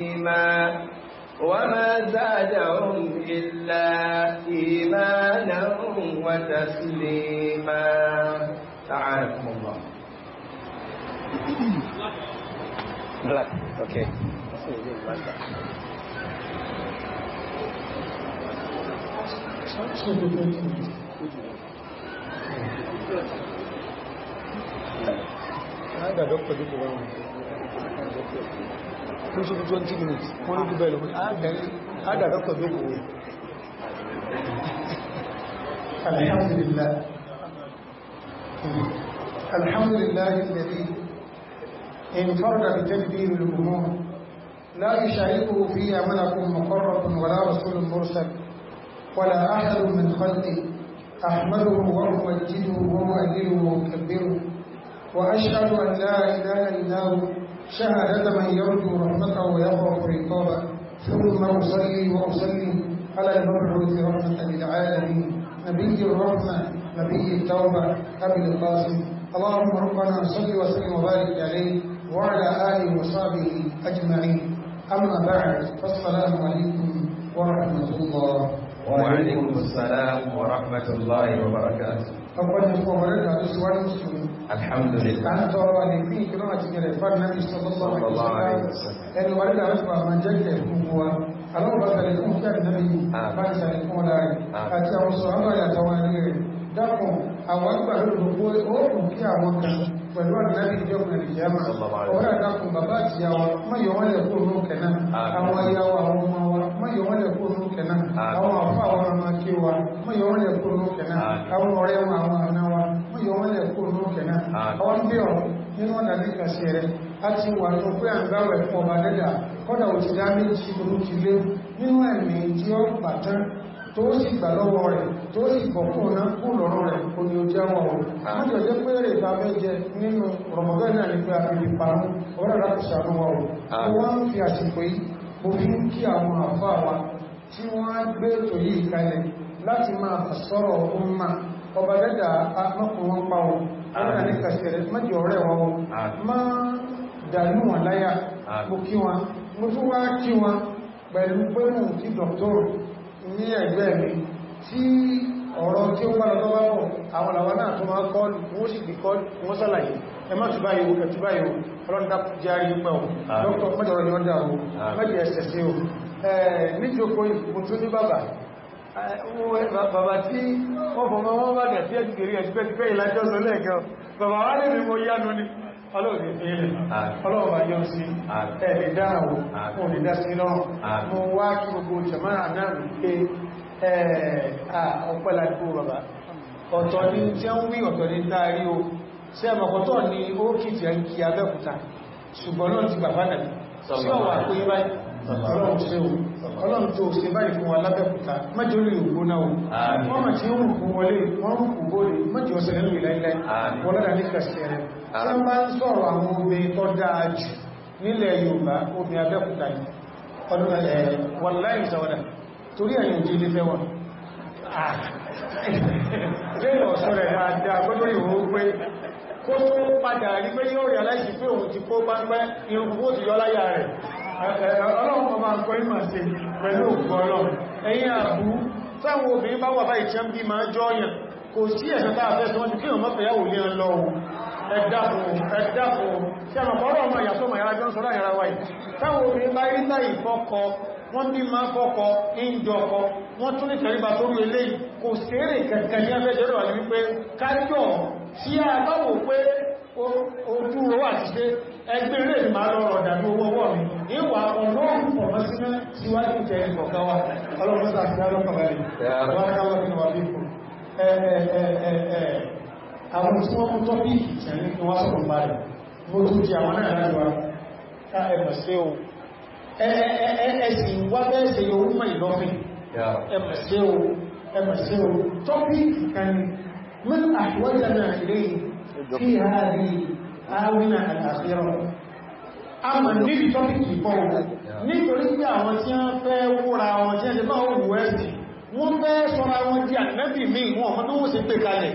إيمان وما زادهم إلا إيمانا وتسليما تعالكم الله Black. Okay. Thank Ah, da dopo di qua. Tu su 20 minuti. Quando di bello. Ah, da ah da الحمد لله الحمد لله الذي انفرد بتدبير الامور لا يشاركه في ملك مقرب ولا رسول مرسل ولا احد من خلقه احمده وامجده ومؤجله ومكبره وأشهد أن لا إله إلا هو شهادة من يرجو رحمته في عقابه ثم أصلي وأصلي على المبعوث رحمة للعالمين نبي الرحمة نبي التوبة أبي القاسم اللهم ربنا صل وسلم وبارك عليه وعلى آله وصحبه أجمعين أما بعد فالسلام عليكم ورحمة الله وعليكم السلام ورحمة الله وبركاته أقول لكم ورحمة الله وبركاته الحمد لله أنا ترى أن في كلام تجري فن صلى الله عليه وسلم أن ورد أشبه من جد هو ألو بس لكم كان النبي فان سلكم لا أتى وصحبه يتوانيه dákùn àwọn gbàrú gbogbo oòrùn kí àwọn kan pẹ̀lú àdínábì ìjọba ìjẹmà ọ̀rẹ́ dákùn bàbá àti yàwó mọ́yọ̀ wọ́n lè kó nù kẹ̀nà àwọn yàwó àwọn ọmọ wa mọ́yọ̀ wọ́n lè kó nù kẹ̀nà àwọn àfọ́ àwọn ọmọ kí wa mọ́yọ̀ wọ́n lè kó nù kẹ̀nà àwọn ọ̀rẹ́ wọn àwọn àna wa mọ́yọ̀ wọ́n lè kó nù kẹ̀nà àwọn ń bẹ̀rù nínú ọ̀nà bí kàṣẹ rẹ̀ a ti wà tó pé àgbáwẹ̀ ọba dẹ́dà kọ́dà òtìdá méjì olókìlé nínú ẹ̀mí tí ó pàtán tó sì gbà lọ́wọ́ rẹ̀ tó sì kọ̀kún náà kú lọ́rọ̀ rẹ̀ kò ní ojú àwọn ọ̀rọ̀. Ah. Mọ́jọ jẹ́ pé rẹ̀ bá mẹ́jẹ nínú Ramadan náà nígbà àfihì parun ọ̀rọ̀ láti ṣàánú wa rò. Ó ah. wá ń fi àsìkò yìí, mo fi ń kí àwọn àfáà wa tí wọ́n á gbé ètò yìí kalẹ̀ láti máa sọ̀rọ̀ ọmọ ọba dẹ́dà mọ́kùnrin pa ah. wọn ní ẹgbẹ́ mi tí ọ̀rọ̀ tí ó pàdà lọ́wọ́ mọ̀ àwọn àwọn náà tó máa kọ́ wọ́n sì fi kọ́ wọ́n sàlàyé ẹmọ́ tí báyìí ó kẹtù báyìí ó ọlọ́dá jẹ́ ayé pẹ́ ò dókítà mẹ́jọrọ̀ ni wọ́n dà ó mẹ́jì ẹsẹ̀ sí ó níjókòó ìfún tún ní bàbá bàbá tí wọ́n fọmọ wọn ọlọ́rin ìfẹ́lẹ̀ ọlọ́wà yọ sí ẹ̀lẹ̀ dáàwò fún ìdá sí náà mo wá kí gbogbo jẹ̀máà náà rí pé ọ̀pẹ́lá ikú bàbá ọ̀tọ̀ ní tí ó o sí ẹmọ̀kọ̀tọ̀ a ń kí abẹ́kúta ṣùgbọ́n náà ti bàbá náà sí ọ̀wà pé báyìí ọlọ́run tó ṣe báyìí fún wa lábẹ́kúta mẹ́jọ́rí ògbó náà wọ́n mà tí ó rùkú wọlé wọ́n rùkú wọlé mẹ́jọ́ sẹ́lẹ̀ lórí láìláì wọ́n lọ́dà ní kàṣẹ́ rẹ̀ a máa ń sọ̀rọ̀ àwọn obìnrin tó dáa jù nílẹ̀ Yorùbá omi abẹ́kúta yìí ọdún ẹ̀ wọ́n láì sọ́wọ́dá torí ẹ̀yìn òjì ilé fẹ́ wọn lẹ́yìn ọ̀sọ́ rẹ̀ dáadáa gbọ́dọ̀ ìwò pé kó tó padà rí pé yóò rí aláìsí pé òun ti kó bá ń pẹ́ irun kó ti yọ láyà rẹ̀ ọlọ́run ọmọ akọ ìmọ̀ sí pẹ̀lú òkú ọlọ́run ẹ̀yìn àbú sáwọn obìnrin bá wà báyìí tí wọ́n bí máa jọ ọyàn kò sí ẹ̀sán tàà fẹ́ wọ́n ti kí wọ́n bí máa fọ́kọ ìjọ ọkọ wọ́n tún ní tẹ̀ríba tó rú ilé kò sẹ́rẹ̀ kẹ̀kẹ́ ní afẹ́jọ́rọ̀ wà ní wípé kájọ̀ tí a báwò pé ojú owó àti ṣe ẹgbẹ́ ilé ìmá lọ́rọ̀ dàbí owó ọwọ́ mi ìwà ọlọ́run pọ̀lọ́sínà síwájú jẹ ìkọ̀káwà ọlọ́run àwọn tí wọ́n mú tọ́pìkì tí a ní kí wọ́n sọ̀rọ̀ bá rẹ̀ mo tún di àwọn náà láti wá ká ẹmọ̀ sí o ẹ̀ẹ̀ẹ̀ẹ̀sì wá bẹ́ẹ̀sẹ̀ yóò mọ̀ ìlọ́fin ẹmọ̀ sí o ẹmọ̀ sí o tọ́pìkì kan من أحوالنا إليه في هذه آونة الأخيرة àmà níbi tọ́pìkì pọ̀ nítorí pé àwọn tí wọ́n fẹ́ wúra wọn jẹ́ ẹ̀dẹ́bá òwú ẹ̀sìn wọ́n fẹ́ sọ́ra wọn di ànẹ́bì míì wọn ọmọdé wọ́n sì pè kalẹ̀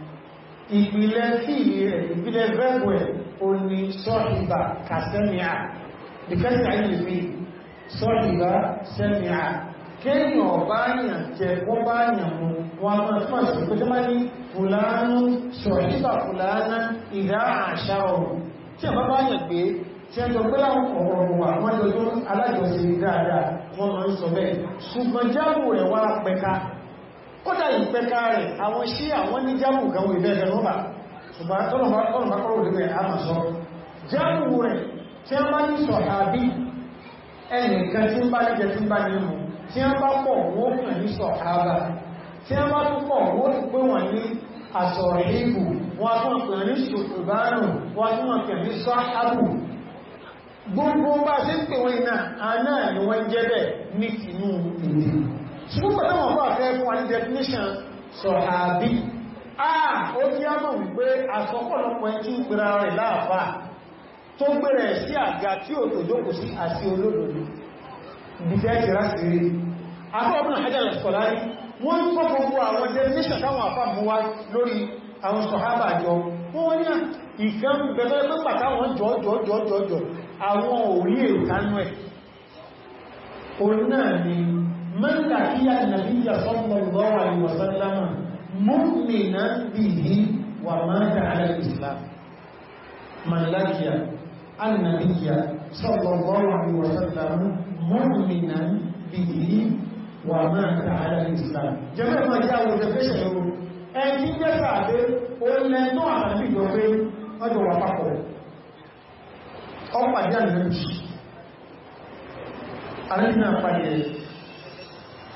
ìpìlẹ̀ fíìlì rẹ̀ ìpìlẹ̀ vẹ́gbẹ̀ òní first thing ìkẹ́sì àìlèmí sọ́ọ̀hìbà sẹ́mìà kéèyàn ọ̀bá àyàn jẹ wọ́n bá àyàn mú wọn máa tí máa ṣe pẹ́jọ́ máa ní fùlánú sọ̀hìbà fùlánà ìdá àṣà ọ̀rọ̀ tí ẹ̀bá bá àyàn gbé tí ẹ jọ pé láwọn kódà ìpẹ́ka rẹ̀ àwọn sí àwọn ní jámù kan wè bẹ́ẹ̀ gẹ̀rọ́bà ṣùgbọ́n tọ́lọ̀bá kọ́rọ̀ lórí àmà sọ jámù rẹ̀ tí a máa ní sọ àbí ẹnìkan tí ń bá ní jẹ́tí bá ní mú tí a bá pọ̀ wọ́n kàn ní sọ àbá tí a bá tún pọ̀ wọ́n pé wọ́n ní àsọ̀rọ̀ gbogbo bá sí pè wọ́n iná àná ni wọ́n jẹ́ bẹ́ẹ̀ ní tinú ìlú ṣùgbọ́n pẹ̀lú àwọn ọ̀pá àfẹ́ definition sọ̀hábí àà ó ní á mọ̀ wípé àsọpọ̀lọpọ̀ ẹjú gbẹ̀rẹ̀ rẹ̀ láàfà tó gbẹ̀rẹ̀ sí àga tí ó tó jókòó sí àti olódodo bìtẹ́ ìrà sí rí afọ́bùn àjẹ́lẹ̀ sọ̀lárí wọ́n ń kọ́ gbogbo àwọn definition táwọn àfà mú wá lórí àwọn sọ̀hábà jọ wọ́n wọ́n ní ìfẹ́ bẹ̀rẹ̀ pẹ́pà táwọn jọjọjọjọ àwọn òrí èrò tánú ẹ̀ من لقي النبي صلى الله عليه وسلم مؤمنا به ومات على الإسلام من لقي النبي صلى الله عليه وسلم مؤمنا به ومات على الإسلام جميع ما جاءوا تفشعوا ẹ̀kí jẹ́ sàbé olè tó àrẹ́bí ìjọba ọjọ́ wà pápọ̀ ọpàdé àrẹ́bí àrẹ́bí náà pàdé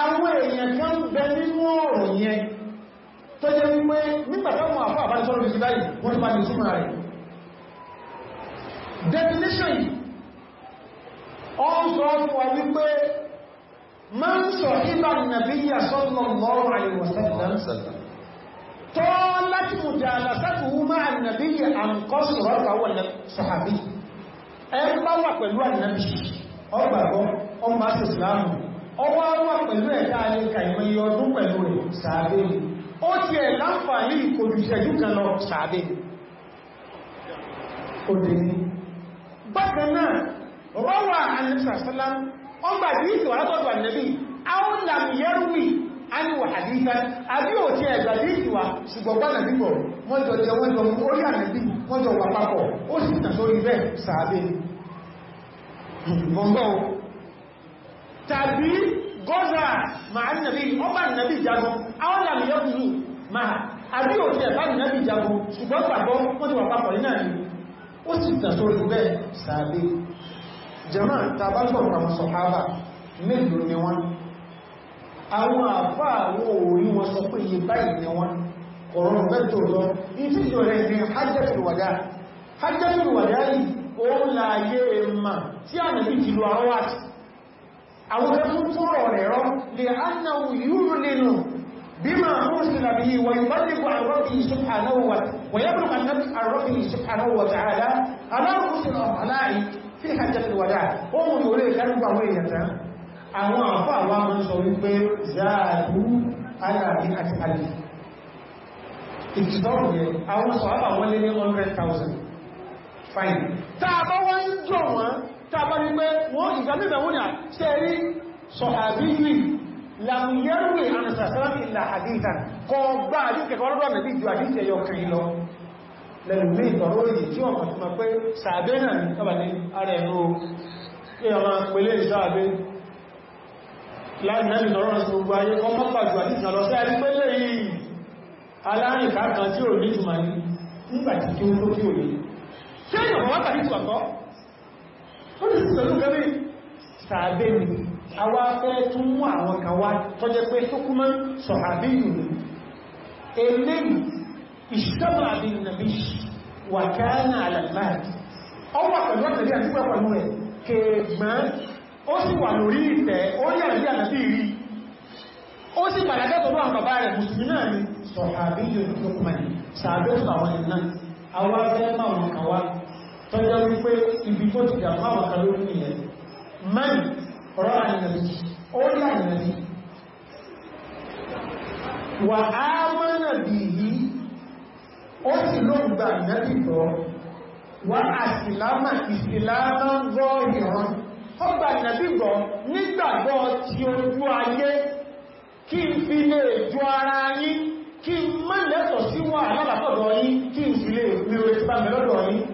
àwọn èèyàn kan bẹ nínú ọ̀rọ̀ yẹn tó jẹ́ wípé nígbàtàwọn àfá àbájọ́rọ̀ ìsìn báyìí wọ́n ti bá ní súnmọ́ rẹ̀ definition ọ ń sọ fún wa wípé ma ń sọ ìbá nàbíyà sallallahu alaihi wasallam tó láti ọwọ́ wà pẹ̀lú ẹ̀ta alẹ́kà ìmọ̀yẹ ọdún pẹ̀lú rẹ̀ sàábẹ̀lì ó ti ẹ̀ láǹfààní ìkòdù ìṣẹ́jú kan lọ sàábẹ̀lì obìnrin bákan náà rọ́wà alẹ́sàsálá ọgbà tí ìsì wà látọ̀dọ̀ wà tàbí gọ́zà máa nàbí ọba nàbí jagun àwọn làmì yọ́bùrù máa àbí òfin ẹ̀bá nàbí jagun ṣùgbọ́n pàgbọ́ wọ́n ti wà papọ̀ ní náà ni ó sì tàn sórí bẹ́ẹ̀ sàábé jẹ́mà tàbá sọ̀rọ̀ àwọn sọ̀hábà mélòó ni wọ́n àwọn àfá àwọn orí wọn ni wọ́n ọ̀rọ̀ mẹ́tò lọ ìtí ìjọ rẹ̀ ní hajjatul wada yìí ó láyé e ma tí a nàbí jìlọ àwọn àti àwọn ẹkùn kúrò rẹ̀ rọ́ lè annáwó yúrù nínú bí máa ó sì làbí wà ìbájẹ́kù àrọ́bì ìṣùpànáwà wà yẹ́bùn annabi àrọ́bì ìṣùpànáwà tààdá aláàrùsùn ọ̀pàláì fi hajjẹ́fẹ́ wàdá ohun yóò lè kẹ́rùgbà wọ́n èèyàn tán àwọn àfà àwọn mọ́ sọ wípé záàdú aláàrí àti alì tàbá ní pé wọ́n ìgbàmíbẹ̀ wọ́n ni à ṣe rí sọ̀hàbí yìí làmúyẹ́rùwé àmìsàsára ìlà àdíta kọ gbá àdíkẹ̀kọ́ lọ́dọ̀ mẹ́bí ju àdíkẹ̀ yọ kiri lọ lẹ́nu ní ìtọ̀rọ èyí tí wọ́n pàtàkì pé sàbẹ́ náà ní tọ́bà ní ara ẹ̀rọ kí ọmọ pẹ̀lẹ̀ ìsáàbẹ́ láìmẹ́rin lọ́rọ̀ gbogbo ayé kọ́ mọ́pàá ju àdíkẹ̀ lọ sí ẹni pẹ́lẹ̀ yìí alárìnká kan tí ò ní ìtumà ní nígbàtí kí ó tó kí ò ní kí ẹ̀yàn wọ́n pàtàkì ó lè sí pẹ̀lú gẹ́rẹ́ sàábé ni a wá fẹ́ tún mú àwọn kan wá tọ́jẹ́ pé tó kúmọ́ sọ̀hábí yìí eléyìí ìṣẹ́bà àbí nàbí wà káánà alàmáàdì ọ wà pẹ̀lú ọ̀tẹ̀lẹ́ àti pẹ̀pẹ̀lú rẹ̀ kèèmọ́ ó sì wà lórí ìtẹ́ ó rí náà ni sọ̀hábí yìí ní sàábé tó àwọn ìlànà àwọn afẹ́ máa wọn kan tó wípé ibi tó ti dàmà àwọ̀ká lórí ìyẹn mẹ́rin ọ̀rọ̀ àyìnàbí ó láyìnàbí wà á mọ́nà bí i ó sì ló gbà nẹ́bì lọ wà àsìlámà ìsìlámà ó gbà nígbàgbọ́ ti ojú ayé kí n fi lè jọ ara kí n sí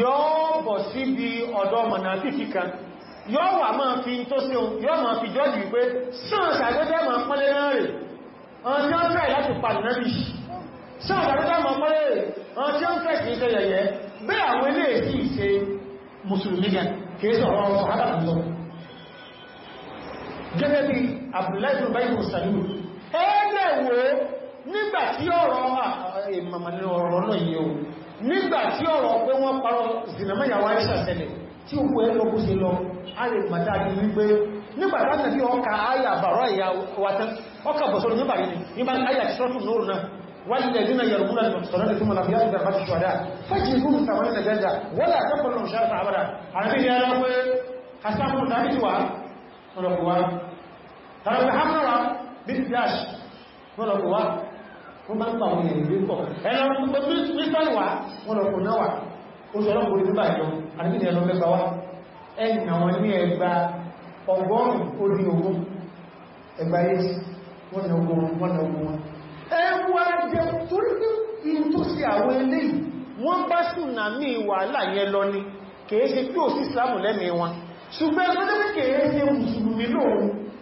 yóò bọ̀ síbi ọ̀dọ̀ mọ̀nàfífì kan yóò wà máa fi tó sí ohun yóò máa fi jọ́jì wípé sáà sàgbẹ́gbẹ́ máa pọ́lẹ̀ náà rẹ̀ ọ̀n tí ó ń fẹ́ láti pa nàbì sáà sàgbẹ́gbẹ́ máa pọ́lẹ̀ rẹ̀ ọ̀n tí ó ń fẹ́ kìí ṣe yẹ̀yẹ́ bí àwọn ilé èsì ṣe mùsùlùmí gan kìí sọ̀rọ̀ ọ̀rọ̀ adáàbùsọ̀ gẹ́gẹ́ bí Abdullahi bin Bayi Musalu ẹgbẹ́ wo nígbà tí ọ̀rọ̀ ìmọ̀mọ̀lẹ́ ọ̀rọ̀ náà yìí nígbà tí ọ̀rọ̀ pé wọ́n parọ́ zinamẹ́yàwó àìṣàṣẹ́lẹ̀ tí ó kú ẹ lọ bó ṣe lọ a lè pàtàkì wípé nígbàtà nàbí ọkà ayà bàrọ̀ ìyá wata ọkà bọ̀sọ̀rọ̀ nígbà yìí nígbà ayà ti sọ́tún lóòrùn náà wáyé lẹ́gbìnà yàrùmúnà sọ̀rọ̀ tó mọ̀lá fíyà ìgbà fásitì ṣọ́dá fẹ́jì ìgbùn tàwọn ilẹ̀ gẹ́gẹ́ wọ́lá àkọ́kọ̀lọ̀ ṣáà tàbára àrẹ́bí ni ara pé hasanun tàbí ti wà mọ̀lọ̀kùwá tàbí hamara bí ti dáṣ wọ́n bá ń pa àwọn èèyàn lórí pọ̀ ẹ̀rọ mísọ́lì wá wọ́n lọ kò náà wà ó sọ lọ́pọ̀ orí bíbà ìjọ àdúgbìnrin ẹ̀rọ mẹ́gbà wá ẹ̀yìn àwọn ní ẹgbà ọgọ́rùn-ún orí ogun ẹgbà yéṣì wọ́n ni ogun wọ́n ni ogun wọn ẹwà jẹ torí pé in tó sí àwọn ilé wọ́n bá tsunami wàhálà yẹn lọ ni kèése tí ò sí ìsìlámù lẹ́mìí wọn ṣùgbọ́n ẹgbẹ́ kèése mùsùlùmí lóòrùn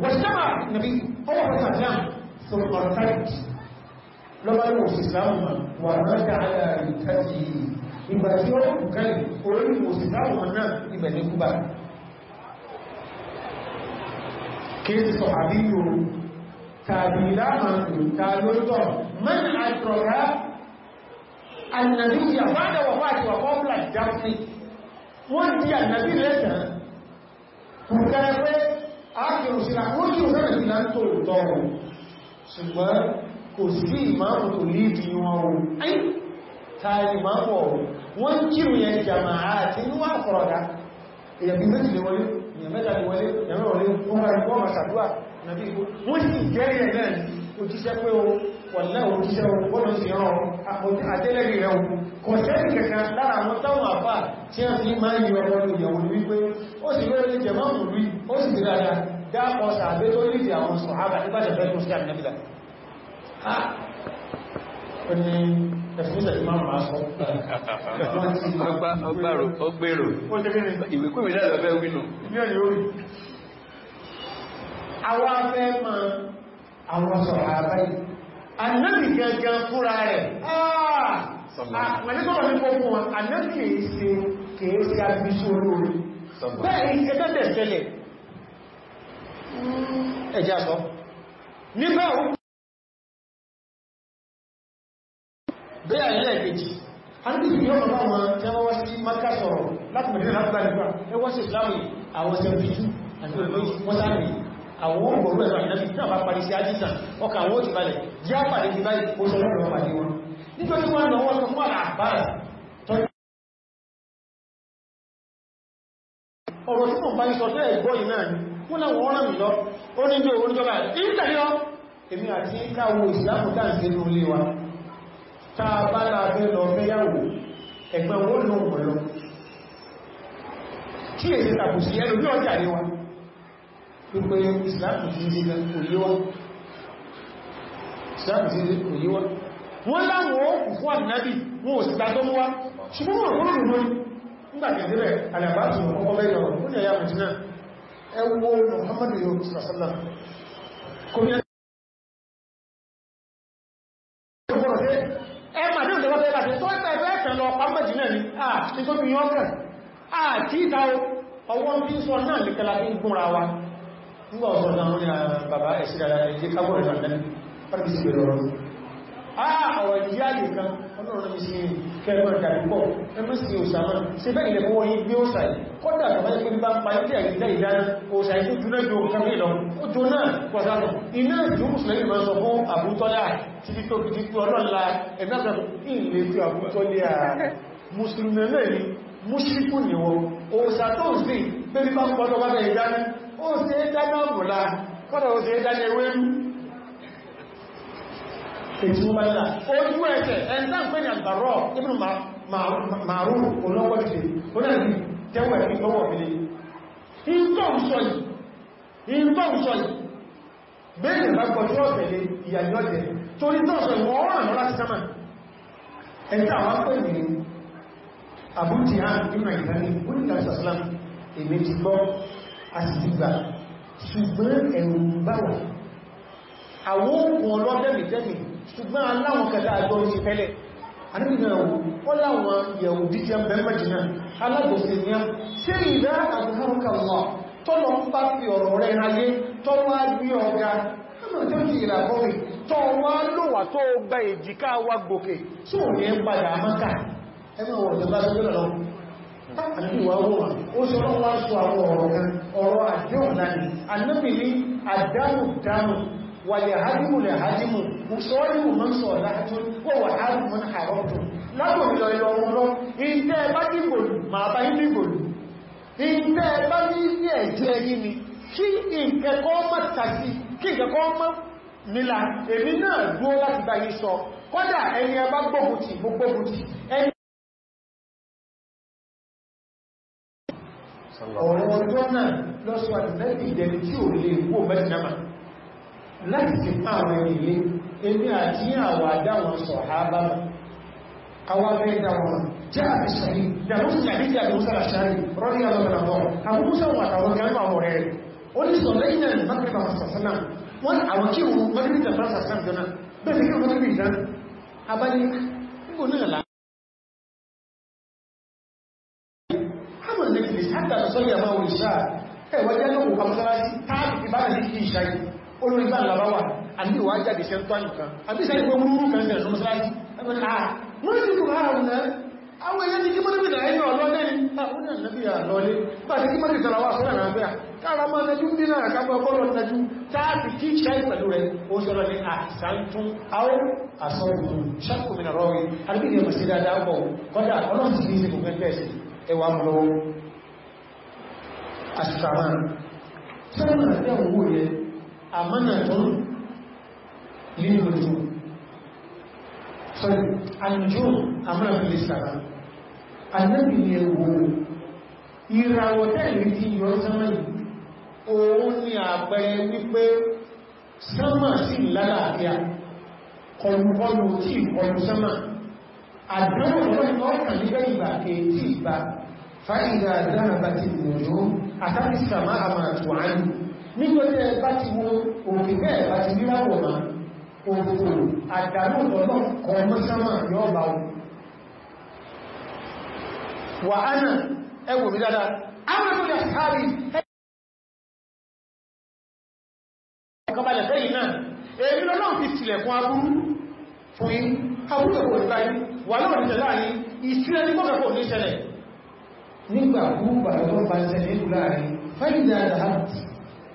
واجتمع النبي أول فتنام ثم ارتد لما يوص إسلامه ومات على ركته ìgbà tí ó kù kẹ́lì orí òsìsáwọn náà ibẹ̀ ní kúbà kéèsì sọ àbíyò tàbí láàmàlù tàbílótọ̀ mẹ́rin àìkọ̀rá annabiya fádà wà fàti wà fọ́nlá jáfí wọ́n di annabi lẹ́tàn kù kẹ́rẹ́ ákìrùn síra ó ní òfẹ́rẹ̀ sí láti tó tọ́ ṣùgbọ́n kò sí ìmáàmù tó líbi wọn o ayi ta ìmáàmù ọ̀rọ̀ wọ́n kírù yẹn jàmà àti inú àkọ̀rọ̀dá èyàbí méjì lè wọlé ìyàmẹ́ta lè wọlé ìyàmẹ́ wọlé wọ́n máa rí bọ́ọ̀mà sàdúwà nàbí ìgbó wọ́n sì jẹ́rì ẹ̀ náà òjíṣẹ́ pé o wọ̀lẹ́ òjíṣẹ́ o bọ́ọ̀lù sí rán àkọ̀dé àtẹ́lẹ́rì rẹ̀ o kò sẹ́rì kankan lára àwọn táwọn àfà tí wọ́n fi máa ń yọ ọmọ ìyàwó wípé ó sì rẹ̀ lè jẹ máa mú rí ó sì ti dáadáa dápọ̀ sàbé tó lìdí àwọn sọ̀hábà nígbàtẹ̀ fẹ́ kúrò sí àmìnàbìdà ha ó ní ẹ̀fúnṣẹ̀ tí máa máa sọ ọgbẹ̀rò ìwékúnmí náà lọ́fẹ́ wínú àwọn afẹ́ ma àwọn sọ̀hábà yìí annabi gangan fúra rẹ̀ ah àmàlẹ́sọ́bà ní kókún wọn annabi kèése kèése àbíṣòro rẹ̀ bẹ́ẹ̀ ìkẹtẹ́tẹ̀ sẹlẹ̀ ẹjá sọ nígbà òkú bẹ́ẹ̀ ilẹ̀ ìgbèjì anúbìsì yóò mọ̀ láwọn tí wọ́n wá sí maka sọ̀rọ̀ láti mẹ̀rin láti gbà nígbà ẹwọ́ sí islamu àwọn 72 àti olóòwò sáàrì àwọn ògbòrò ẹ̀rọ ìdájú náà bá parí sí ajíta ọkà àwọn òtì balẹ̀ jẹ́ àpàdé ti báyìí ó sọ lọ́rọ̀ pàdé wọn nítorí wọ́n lọ wọ́n sọ fún àbára ọ̀rọ̀ tí wọ́n bá ń sọ fẹ́ ẹ̀gbọ́ ìnáà ni wọ́n láwọn ọ̀rọ̀ mi lọ ó ní bí òun jọba ìtàlẹ́ ọ́ èmi àti káwọ ìsìláàmùtà ń sínú ilé wa táa bá láàbẹ́ lọ fẹ́yàwó ẹ̀gbẹ́ wọ́n lọ wọ́n lọ kí èsì tàbùsí ẹnu bí ọjà ní wa pípẹ́ ìsìláàmùtà wọ́n láwọn òkú fún ànábì wọn ò sì gbàgbọ́ mú wá ṣùgbọ́n wọn ò rúrùn lórí nígbàtẹ̀ẹ́rẹ̀ alàbáṣùn ọkọ̀ mẹ́rin ọ̀rọ̀ fún ẹ̀yà mùsùlùmí ẹwọ muhammadu yóò sàṣẹ́lẹ̀ kò ní ẹgbẹ̀rẹ̀ Nígbà ọ̀sọ̀dá ah, wọn ni bàbá ẹ̀sìdára ẹ̀jẹ́ kágbọ̀rẹ̀ ìrànlẹ́ pàtàkì sí ìrọ̀rọ̀ àwọn ìdí àyè kan ọlọ́run ní sí kẹrìmọ̀ ìdàdúgbọ̀ ẹmú sí òsàmà sí bẹ́ ilẹ̀ fún oyin bí ó sàì kọ́dà àgbàmọ́ ìpín bá pa ní àìdá ìdáná òsàì tó jùlọ jù ọ̀kan mí lọ ó jọ náà pọ̀sánà iná ìjú mùsùlùmí máa sọ fún àbútọ́lá títí tó fi títí ọlọ́la ẹ̀dásọ̀ ilé tí àbútọ́lá mùsùlùmí náà ni ètí mú báyìí ojú ẹ̀ṣẹ̀ ẹ̀ntàn pé ní àgbàrọ̀ ibùn màárùn olówọ́dìdè ó náà ní tẹ́wọ̀ ẹ̀fí lọ́wọ́ mi èmi ti gbọ́ a sì ti gbà ṣùgbọ́n ẹ̀rùn báwọn àwọn òkun ọlọ́dẹ̀mìdẹ́mìdẹ́ ṣùgbọ́n aláwọn kẹta àjọ ní tẹ́lẹ̀ anábìnrin wọ́n láwọn yẹ̀wò díjẹ́ bẹ́mẹ́jìnà alágbòsí ní ṣe ìdá àgbàkànlọ́ tọ́lọ ń bá fi ọ̀rọ̀ rẹ̀ ayé tọ́wọ́ agbí ọ̀gá tọ́wọ́ lòwà tó gba èjìká wa gòkè tí ò ní padà amáka ẹgbẹ́ wọ̀n tó bá gbẹ́gbẹ́ lọ àdíwà wọ́n ó ṣe wọ́n wá sọ àwọn ọ̀rọ̀ kan ọ̀rọ̀ àdíọ̀nà ni àdánù dánù wàlẹ̀hájìmù lẹ̀hájìmù ṣọ́lìmù mọ́ sọ láàájún kó wà áàrùn mọ́ àrọ́tún látòrí lọ ilọ̀ ohun lọ ìtẹ́ bá ní gòlù máa bá ní gòlù ìtẹ́ bá ní sí ẹ̀jẹ́ yìí ni kí ìkẹ́kọ́ ọ̀rọ̀ ọjọ́ náà lọ́sọ̀ àdìlẹ́bì ìdẹni tí ò lè wó mẹ́sìnàmà láti sì fún àwọn ilé ebi àti àwọn àdáwọn sọ̀hábá àwọn mẹ́ta wọn jẹ́ àbìsàrí ìdàmúsí àdíjì àdúsà àṣàrí rọ́dí alọ́gbọ̀nàmọ́ àbúkúsà wọn àtàwọn gẹ́gbà wọn rẹ̀ ó ní sọ lẹ́yìn náà nígbàkìrìbà wọn sàṣánà wọn àwọn kí wọn mọ́dínlẹ̀ bá sàṣánà jọna bẹ́ẹ̀ kí wọn mọ́dínlẹ̀ ìdán abáyé nígbò náà láàá hàmà lẹ́gbẹ̀ẹ́ olórí bá làbáwà àbí ìwà jáde ṣe ń tó àyíká àbí ìṣẹ́ ìgbé múrú kan ṣe ẹ̀sùn mọ́síláyí ẹgbẹ́ ah, àà wọ́n ti kò ààrùn náà àwọn èèyàn ti kí mọ́lẹ́bì náà ẹni ọlọ́lẹ́ ni àwọn ah, èèyàn lẹ́bì àlọ́lẹ́ bá ti kí mọ́lẹ́bì tọ́lá wà sọ́rọ̀ àbẹ́ kára máa nẹjú bí náà kápọ̀ ọpọlọ nẹjú táàbì kí ṣe pẹ̀lú rẹ̀ ó sọ́rọ̀ ní àṣàntún àwọn àṣọ́rùn ṣàkùnmìnà rọrin àbí ní ọmọ sí dáadáa bọ̀ kọ́dà ọlọ́run ti fi ṣe kò fẹ́ bẹ́ẹ̀ sí ẹwà mọ́ lọ́wọ́ أمنة للنجوم فالنجوم أمنة بالإسلام النبي يقول ìràwọ̀tẹ́lì tí yọ sánmà yìí òun ni àpẹẹ wípé sánmà sí lálàáfíà kọlùkọlù tí kọlù sánmà àdánwò lọ́nà ọ̀kà nígbẹ́ ìgbà kèétí ìgbà fáìdà dáadáa ti gbòjò àtàrí sàmà àmà nítorí ẹ bá ti wo òkè bẹ́ẹ̀ bá ti rí láwọ̀ ma òkòrò àdàlóòtọ́lọ́ kọmọ́sánmà yóò bá wọn wà ánà ẹwò mi dáadáa ámàlúlẹ̀ sáàrí ọkọ̀balẹ̀ fẹ́yìn náà èyí lọ́nà fi sílẹ̀kùn aburú fún yí abúrúkọ̀ ìbáyí wà náà ní láàrin ìsílẹ̀ ní kọ́kọ̀kọ̀ ní ìṣẹ̀lẹ̀ nígbà kúrú bàbá bá ń sẹ́lẹ̀ láàrin fẹ́yìn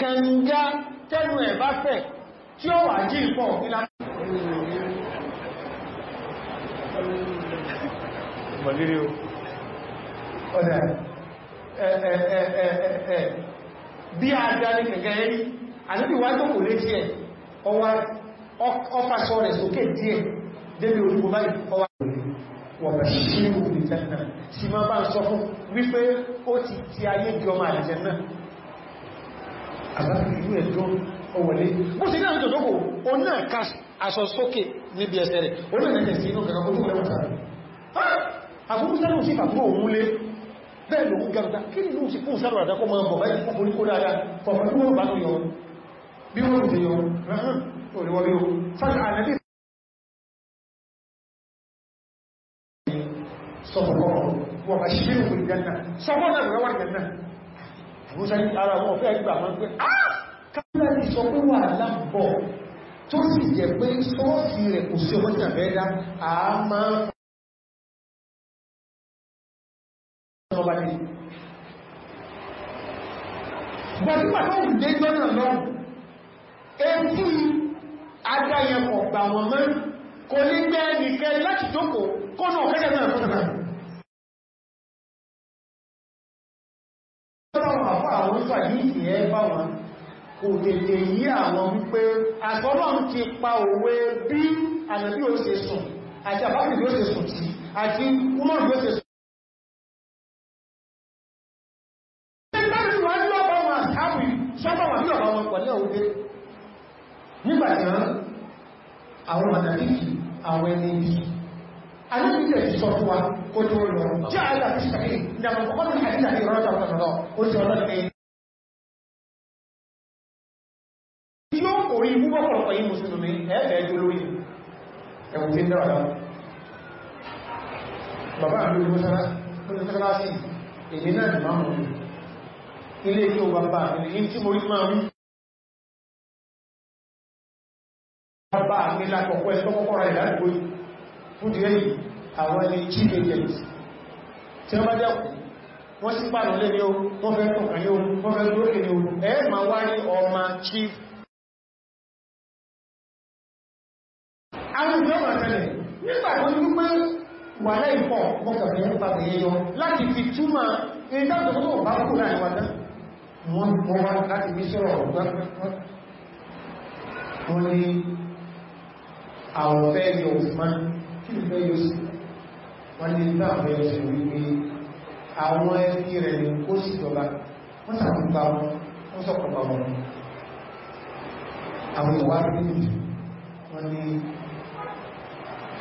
kànga tẹ́nu ẹ̀ bá fẹ́ tí ó wà jí ìpọ̀ nílá mọ̀lírí o ọ̀dá ẹ̀ẹ̀ẹ̀ẹ̀ẹ̀ bí a dá ní kẹ̀kẹ́ rí àníbíwá tó kò lé tí ẹ̀ ọfà sọ rẹ̀ sókè díẹ̀ débi olùgbò báyìí ọwà wọ̀bà ṣíwò ìjẹ́ náà sí máa bá ń sọ fún wípé ó ti ti ayé gọmà ìjẹ́ náà àbábìrìdú ẹ̀dọ́ ọwọ̀lé bó ṣe ní àwọn ìjọdọ́kò o náà ká aṣọ sókè níbi ẹsẹ̀ rẹ̀ o náà nẹ́ẹ̀ sí inú kẹta ojú lẹ́wọ̀ta àbúrúsẹ́lù sí pàtó òmúlé bẹ́ẹ̀ lòkú gẹrùta kí ni ó sì kún sẹ́lù àdákọ́ mọ́ ọmọ báyìí fún oríkó dáadáa pọ̀pọ̀ tí wọ́n bá tó yọ bí wọ́n ti yọ òríwọ́ bí ó sáàrì ànẹ́bí sọ̀pọ̀ wọ́n bá ṣe rúṣẹ́ ara wọn fẹ́ gbà wọn pé ah! káàkiri sọ pé wà lábọ̀ tó sì jẹ́ pé sọ́ọ̀sì rẹ̀ kò sí ọmọ ìjàmẹ́dá a máa ọba ní gbẹ̀sígbà tó ń lọ etí adáyẹ̀kọ̀ gbà wọn mọ́ kò ní gbẹ́ nìkẹ́ láti jókòó kó náà kẹ́kẹ́ kò lèlè yí àwọn wípé àtọ́lọ́ ti pa òwe bí ànàbí ó ṣe sùn àti àbábì ó ṣe sùn sí àti umar ó ṣe sùn àwọn màtàkìkì ti sọ fún wa kó tó lọ jẹ́ àìlà fíṣàkì ìdàmọ̀kọ́kọ́ ní àìlà ìrọ́jà ọ̀tọ̀tọ̀ ó sì ọlọ́dún ẹ̀wù pindah, ń dáwà láwọn bàbá àmì olùmọ́sánásí Ini nak ni máa mú ilé kí o bàbá àmì ní tí mo rí máa rí bàbá àmì lápọ̀pọ̀ ẹ̀sọ́kọ́kọ́ rẹ̀ láàrín fún ti rẹ̀ àwọn ẹni chief agent tí wọ́n bá jẹ́kù wọ́n sí pàdánlé ní o kau, fẹ́ tọ̀kàn ní o wọ́n fẹ́ lókè chief àwọn ìgbẹ̀wọ̀n àtẹ́lẹ̀ nígbà tó ní pé wà láì pọ̀ mọ́kànlẹ̀ nípa ìyẹyọ láti fi túmọ̀ ìdájọ́ tó bá kú láì wádá wọ́n mọ́ wá láti bí sọ́rọ̀ wọ́n ní àwọn fẹ́ yọ Usman kí ni fẹ́ yọ sí wọ́n ní ìgbà fẹ́ yọ sí wípé àwọn ẹbí rẹ̀ ní ó sì jọba wọ́n sàkúgbà wọn wọ́n sọ̀kọ̀gbà wọn àwọn ìwádìí wọ́n ní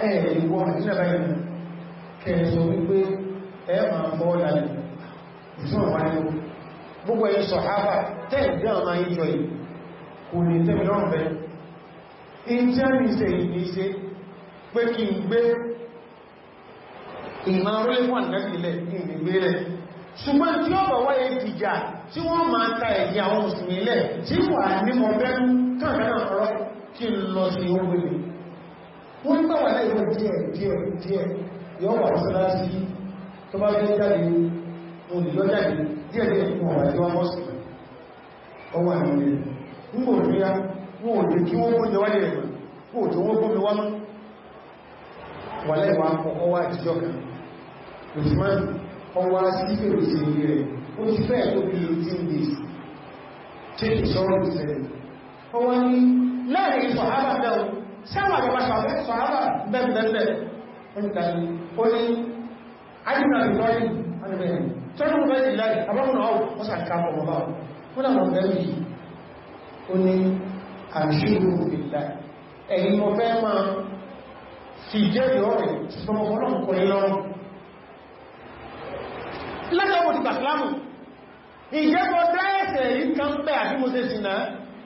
ẹ̀ẹ̀lẹ̀wọ̀ àdínàbáyé kẹsọ wípé ẹ ma fọ́ láyé ìṣọ́rọ̀ wáyé gbogbo ẹ̀yẹ sọ̀hábà tẹ́ẹ̀dẹ́ ọmọ ìjọ yìí kò ní tẹ́mìlọ́rùn bẹ́ẹ̀ ìjẹ́rìnṣẹ́ ìgbìṣẹ́ pé kí n gbé ìmọ̀ orílẹ̀-èdè kí n lọ sí ogun wọ́n ń bàwà láìwọ̀ díẹ̀ díẹ̀ díẹ̀ yọ́ wà sí láti tó bá fẹ́ jáde olùyọ́ jáde díẹ̀ díẹ̀ fún ọ̀rọ̀ tí wọ́n mọ́ sí ọwọ́ àmìlẹ̀ ń gbò rí ya wọ́n ò lè kí wọ́n mú jẹ wáyé rẹ̀ kó tó wọ́n gómi wá mú wà láìwọ̀ akọ̀kọ́ wá àtijọ́ kan lùsùmán ọwọ́ sí fèrèsé rẹ̀ ó ti fẹ́ tó bí 18 days take insurance rẹ̀ ọwọ́ ní láàrin ìfọ̀ sáwọn àjọba ṣàfẹ́ sọ̀rọ̀ bẹ́ẹ̀bẹ́ẹ̀bẹ́ oníkàlẹ̀ ó ní àjúmọ̀ ìtọ́rí anìbẹ̀rẹ̀ tó ní mú bẹ́ẹ̀ ìlàrí àbámúnà ọ̀wọ̀ ó sàkàmọ̀ ọ̀bá ó náà mọ̀ bẹ́ẹ̀ yìí ó ní àṣírò ìlà ẹ̀yìn mọ̀ fẹ́ máa fi jẹ́ ìrọ̀rẹ̀ ṣùgbọ́n mọ̀ fọ́nà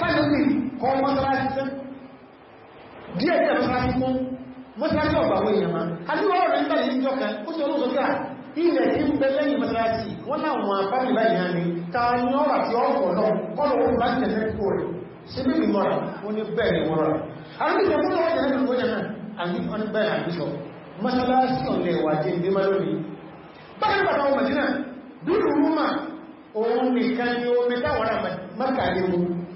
kájọ́bì kọ́ mọ́sálásí sẹ́ díẹ̀ díẹ̀ mọ́sálásí mọ́ mọ́sálásí ọ̀gbàwó èèyàn ma adúwọ́rọ̀ rẹ̀ nígbàlẹ̀ ìjọ kan ó sì olóòtú a ilẹ̀ tí ń bẹ lẹ́yìn mọ́sálásí wọ́n láwọn abámi báyìí hàn ní ta yọ́rà tí ọ̀pọ̀ náà kọ́lọ̀ ó bá jẹ̀ sẹ́kù rẹ̀ sí bí mi mọ́ra ó ní bẹ́ẹ̀ ni mọ́ra àwọn ìjọ fún ọjọ́ lẹ́nu tó yẹn àti wọn bẹ́ẹ̀ àbíṣọ mọ́sálásí ọ̀lẹ̀ wà jẹ́ ìdí má lónìí bákan bàbá ọmọ jìnnà dúró rúmà òun nìkan ni omi táwọn àmàkà lè mú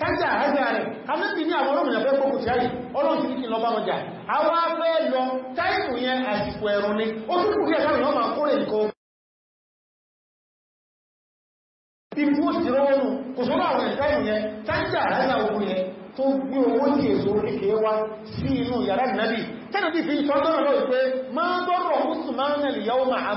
kájà àjá rẹ̀ amẹ́bì ní àwọn olómìnà fẹ́ kókò tí àyè ọlọ́run ti kí lọ bá mọjà àwọn afẹ́ lọ táìmù yẹn àsìkò ẹ̀rùn ni ó tún kù kí ẹ̀káwì ọmọ akórè nǹkan ibi ó ti rọ́wọ́nù kò sọ́nà àwọn ẹ̀táìmù yẹn kájà àjá ogun yẹn tó gbé owó ní èso oríkèé wá sí inú yàrá ìnábì tẹ́nà bí fi ìtọ́jọ́ lọ pé máa gbọ́rọ̀ mùsùlùmánà lè yàwó máa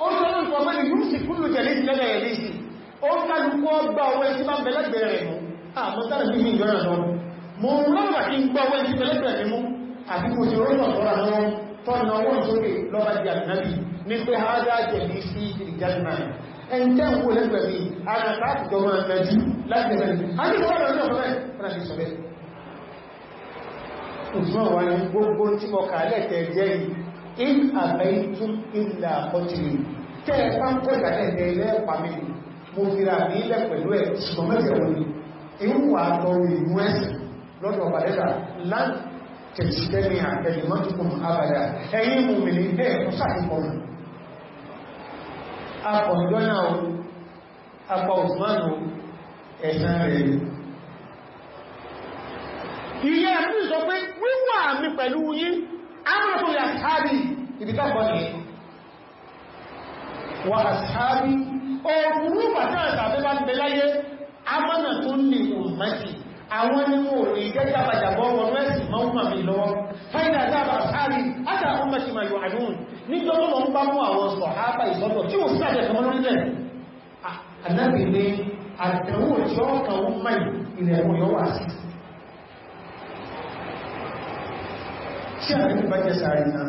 ó sọ ní nǹkan mẹ́rin yóò sì kúrò jẹ̀lé sí lẹ́lẹ̀ ẹ̀lé sí ó kálùkọ́ gba ọwọ́ ẹni tí bá bẹ̀lẹ́gbẹ̀ẹ́ rẹ̀ mú àmọ́ ah, sára bí mi ìjọra lọ mo rọ́rọ̀ kí n gba ọwọ́ ẹni tí bẹ̀lẹ́gbẹ̀ẹ́ mú àbí mo ti rọ́rọ̀ lọ́ra lọ tọ́nà owó sókè lọ́ra di ànábì ní pé ha dá jẹ̀lé sí ìjẹ́lẹ̀mà ẹn tẹ́ ń wò lẹ́gbẹ̀ẹ́ mi ara láti jọ máa mẹ́jú láti ẹgbẹ̀rẹ̀ in àbẹ́ìtún ilẹ̀ àkọ́tìlì tẹ́ ẹ̀pá ń kọ́ ìdàkẹ́ ilẹ̀ pàmì mo fi ra mi ilẹ̀ pẹ̀lú ẹ̀ ṣùgbọ́n mẹ́fẹ̀ wọn ni ìwà àtọrù ìlú ẹ̀sìn lọ́dọ̀ balẹ́ta láti tẹ̀síkẹ́ni àpẹ̀lẹ̀mọ́tukùn abàdà ẹ̀yìn mùmìnì bẹ́ẹ̀ fún sàkíkọrùn akọ̀ndọ́nà apá òsùmánù ẹ̀sán rẹ̀ ilé ẹ̀mí sọ pé wíwà mi pẹ̀lú yín amurafin ya sáàbì ibi tọ́gbọ́n ni wà sáàbì òkúrú pàtàkì àtàbẹ́bá ń beláyé amọ́nà tó lè mọ̀mọ́tì àwọn ni mo rí jẹ́jàbàjàbọ́ wọn mẹ́sì mọ́ mọ̀ mi lọ fẹ́dà dábà sáàbì átà ọmọkì ma yọ àdún nítorí wọn bá mú àwọn sọ̀hábà ìsọ́dọ̀ tí ó sáàbẹ̀ kan lórílẹ̀ anábìnrin àtẹ̀wò tí ó kàn ó mẹ́ ilẹ̀ ẹ̀wọ̀n yọ wà sí tí àwọn ẹni bá jẹ́ sáré náà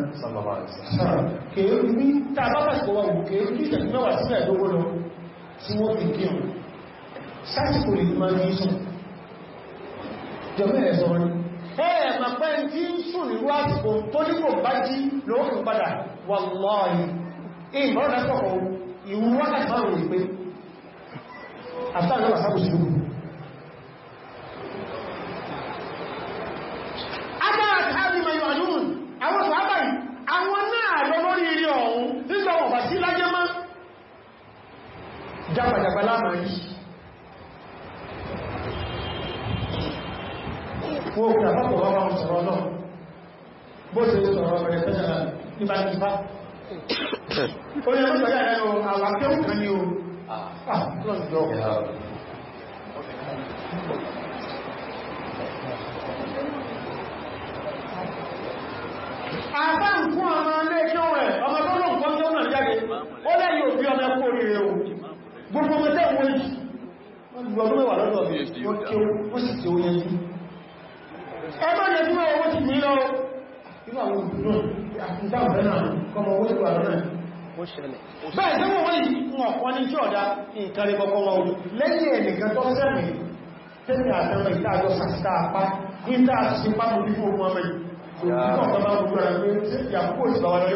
kèèrè ní tàbátàkọ̀ wà wù kèèrè kí ìṣẹ̀kú mẹ́wàá sí ẹ̀dógó lọ tí wọ́n fi kí ọ̀n sásìkò lè máa ní sùn jọmẹ́rẹ̀ sọ rí ẹ̀ẹ̀ mà pẹ́ tí ń sùn ní wáṣìkò tó nígbò bá jí lóòfin padà wà lọ́ọ̀yìn ìmọ̀ràn agbára tàbí mẹ́yọ àdúrùn àwọn tó ábàrí àwọn náà lọ lórí eré ọ̀hún nígbà wọ̀n bá sí lájẹ́ mọ́ jápàjàpà láàmà yìí wọ́n kí àpapọ̀ wọ́n bá ń sọ̀rọ̀ náà bó ṣe sọ̀rọ̀ ọ̀rẹ́ pẹ́sẹ̀lá nípa nípa ó yẹ mọ́ sọ̀rọ̀ ọdún mẹ́wàá lọ́dọ̀ wọ́n kí ó sì tí ó yẹn jú ẹgbẹ́ yẹn tí wọ́n ti ní lọ inú àwọn òbìnà àti ìdáàbẹ̀ náà kọmọ owó ìgbà náà bẹ́ẹ̀ tí wọ́n wọ́n wọ́n wọ́n ní ṣọ́ọ̀dá nǹkan lè kọ́kọ́ wọn lẹ́yìn ẹ̀nìkan tó sẹ́mì tẹ́lẹ̀ àtẹ́rẹ̀ ìdájọ́ sàtà apá nígbà sí pápù ní fún ọmọ mẹ́rin tó kọ́ bá gbogbo rẹ̀ pé ìyàpò ìsìbàwà lórí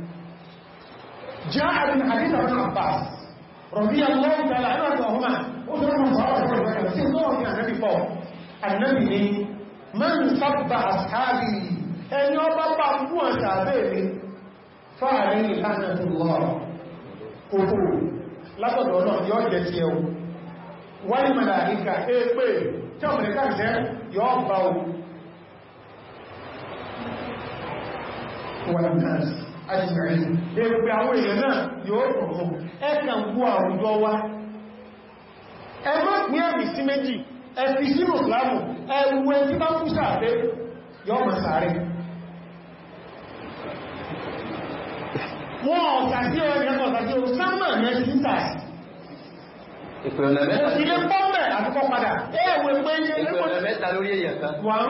جاء من حديث ابن عباس رضي الله تعالى عنه وارضاهما أدر من صلاة الله سيدنا من النبي فوق النبي لي من سب أصحابي أن يبقى موسى بابي فعليه لعنة الله قلت látọ̀dọ̀ náà yọ́ jẹ ti ẹ̀wọ̀ wọ́n ni mẹ́làríkà èèpè tí ọmọ ìrìnká ìṣẹ́ yọ́ bá o wọ́n náà àjìmẹ̀rin ẹgbẹ̀ àwọn èèyàn náà yóò pọ̀pọ̀ ẹkà ń gbọ́ àwùjọ wa ẹgbẹ́ pín ẹ̀mì sí méjì ẹ̀fì sínú ìsìlámù ẹwẹ́ tí bá kú sàárẹ́ yọ́ mọ̀ sàárẹ́ wọ́n ọ̀sàtí ọ̀rẹ́ Ìpẹ̀lẹ̀ mẹ́ta lórí èyàn kan. Wọ́n.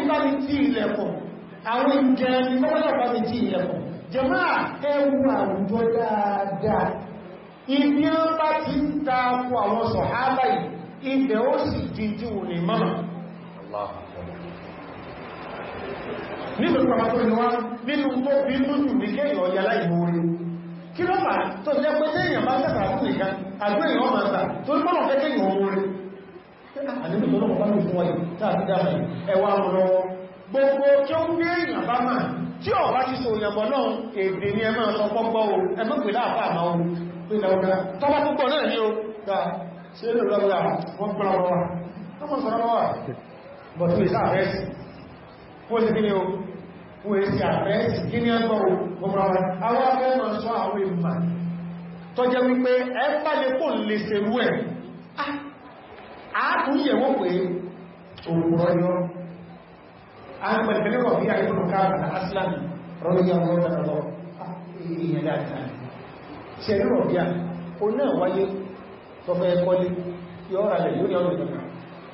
ní bá mi tí ilẹ̀kọ̀ àwọn ìjẹ́ ìkọ́mọ́lẹ̀ bá mi tí ilẹ̀kọ̀ jẹmọ́ ẹwù àwùjọ dáadáa ibi ó bá ti ń ta kú àwọn sọ̀hábà ibẹ̀ ó sì di tí ò lè mọ́ nínú pàpàtàkì ni wọ́n nínú tó bí lójú àdínú tó lọ́pọ̀ pàtàkì bá máa tí ó o ẹmọ́ pè láàpá àmà o pè lọ́gbà tọ́bá púpọ̀ náà ní o ta ṣe lè lọ́gbà wọ́n pẹ̀lọ́ wọ́n wọ́n sọ̀rọ̀ wọ́n bọ̀ tí ó sàfẹ́ẹ̀sì wọ́n sì o wọ́n èsì àfẹ́ẹ̀sì kí ni ẹgbọ́ o gbọ́gbọ́ àwọn afẹ́mọ̀ sọ àwọn ìmà tọ́jẹ́ wípé ẹ àátúnyẹ̀wó pé òwúrọ̀ yọ àpẹẹ̀lẹ́rọ̀ bí àìbùnù káàkiri asìlámi rọ́lọ́yà rọ́lọ́rọ̀ ah, ìyẹn dáadáa ṣe rírọ̀ bí a ó náà wáyé tọ́fẹ́ ẹkọ́lé yọ́ alẹ̀ lórí ọdún ìgbà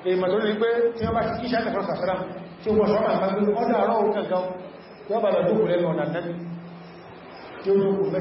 èèmà tó rí pé tí wọ́n bá ti kíṣà ní fọ́nà sàfẹ́rà tí wọ́n sọ́mà àgbàgbé ọdá àrọ́ òun kankan yọ́ bá lọ́dún kò lẹ́nu ọ̀nà tẹ́lẹ̀ tí ó lókù fẹ́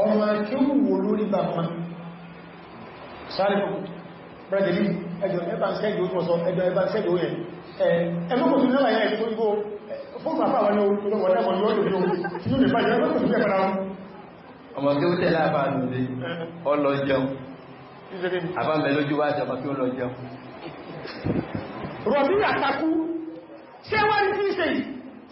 ọmọ akíwò wo lórí bàmà sáré fún brẹ́dìlì ẹjọ ẹbà ṣẹ́jì ó tọ́sọ ẹjọ ẹbà ṣẹ́jì ó yẹn ẹmọ́kùn tí nílà yẹn ya fún bàbá wọn ni ó tẹ́lá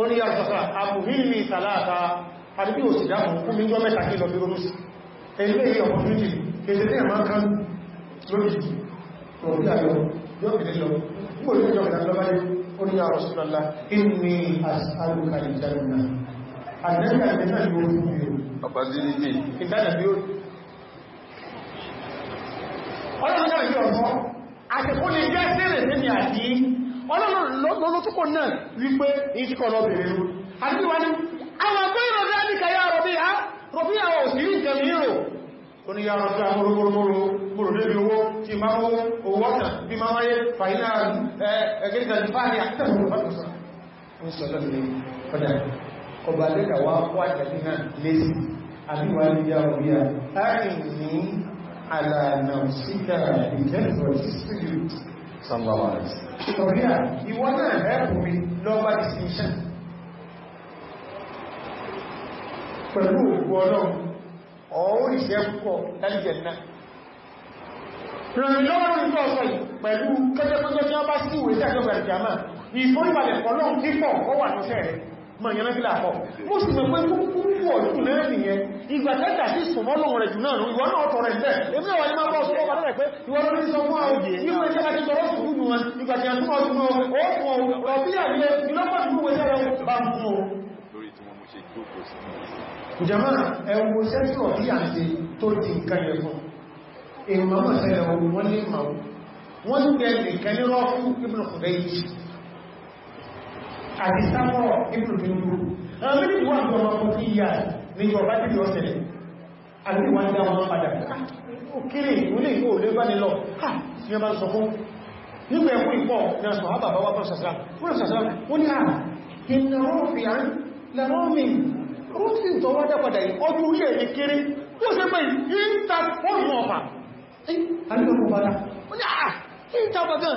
ó ní yàrá sọ́sọ́rà àpòhìnmí ìsàláta àdúgbí òsì dáhùn fún mi gbọ́ mẹ́ta kí lọ bí rómùsì ẹgbẹ́ ilé opportunity èdè ní àmá kan lórí òbílàyọ yóò fi lọ mú orí ìjọ ìdá lọ́bá yóò ó ní yàrá sọ́sọ́lá inni as'aluka al-janna àdúgbà ìgbẹ́sà yóò fún mi ọ̀pàdínlẹ̀ ìdánàbí ó ọlọ́run náà yóò mọ́ àtẹ̀kú lè jẹ́ sí ọlọ́lọ́lọ́túkọ̀ náà wípé ìṣíkọ̀ lọ́bẹ̀rẹ̀ rú àti wà ní àwọn akọ́rọ̀ dáadìkà yá rọ̀bí ha rọ̀bí àwọn òsìrí nǹkan mìíràn oníyàrá ọjọ́ amúrúgbòrúgbòrú gbòrò lórí owó tí máa mú owó ọ̀nà bí máa wáyé fàínà ẹgbẹ́gbẹ́ ìfáàní àtẹ́sùn ìfàtọ̀sá ń sọ lọ́dún ní ọjà ọba lẹ́kà wá wá ìtẹ̀lẹ́ náà lẹ́sì àbíwá ní ìyá orí àárín ní àlànà síkà ìjẹ́ sallallahu alaihi wasallam torí náà ìwọ náà ẹ̀kù mi lọ́wọ́ distinction pẹ̀lú òkú ọlọ́run ọ̀hún ìṣẹ́ púpọ̀ lálìjẹ̀ náà ràn lọ́rùn tó ọ̀sọ̀ yìí pẹ̀lú kẹjọ́kọjọ́ tí wọ́n bá sí ìwé ìjẹ́ àjọ́gbà ìjàmà ìforíbalẹ̀ pọ̀lọ́run pípọ̀ ó wà lọ́sẹ̀ rẹ̀ ma yẹn náfílà pọ̀ mo sì mọ̀ pé púpọ̀ ìlú náà nìyẹn ìgbà tẹ́tà sí súnmọ́ lóhun rẹ̀ jù náà ìwọ náà tọrẹ ilẹ̀ èmi àwọn ìmọ̀ bọ́ sọ́wọ́ padà rẹ̀ pé ìwọ lórí sọ fún àwọn òjì ìwọ iṣẹ́ bá ti tọrọ sùúrù nù wọn ìgbà tí a tún ọdún ọkùn ọ̀bí àríyẹ ìlọ́pọ̀ tí wọ́n sẹ́rẹ̀ bá mú o jama ẹwọ sẹ́sì ọ̀bí àti tó ti nǹkan yẹ fún èèmọ̀ mọ̀ sẹ́rẹ̀ wọn ní ìmọ̀ wọn ń gẹ nìkan ní rọ́fún ibùn kùdẹ́ yìí àti sámọ̀ ìpùlùmí àwọn méjì wà ní ọmọ fún kíyà ní ọba tí ó ṣẹlẹ̀ àti wọ́n dá wọn padà òkèrè ìwúlé ìkó olè bá nílọ ní ọba sọ fún nígbà ẹ̀kún ìpọ̀ ní ọsọ àbàbà wà pọ̀sàsà pọ̀sàsà ó ní à ìnáwó fi à ń lẹ́rọ́mì ó sì tọ́ wọ́n dápadà ọdún orí ẹ̀ kéré ó ṣe pé ìta fọ́ọ̀mù ọ̀pá àríkọ̀ọ́pàá ó ní à ah, ìta ọba gan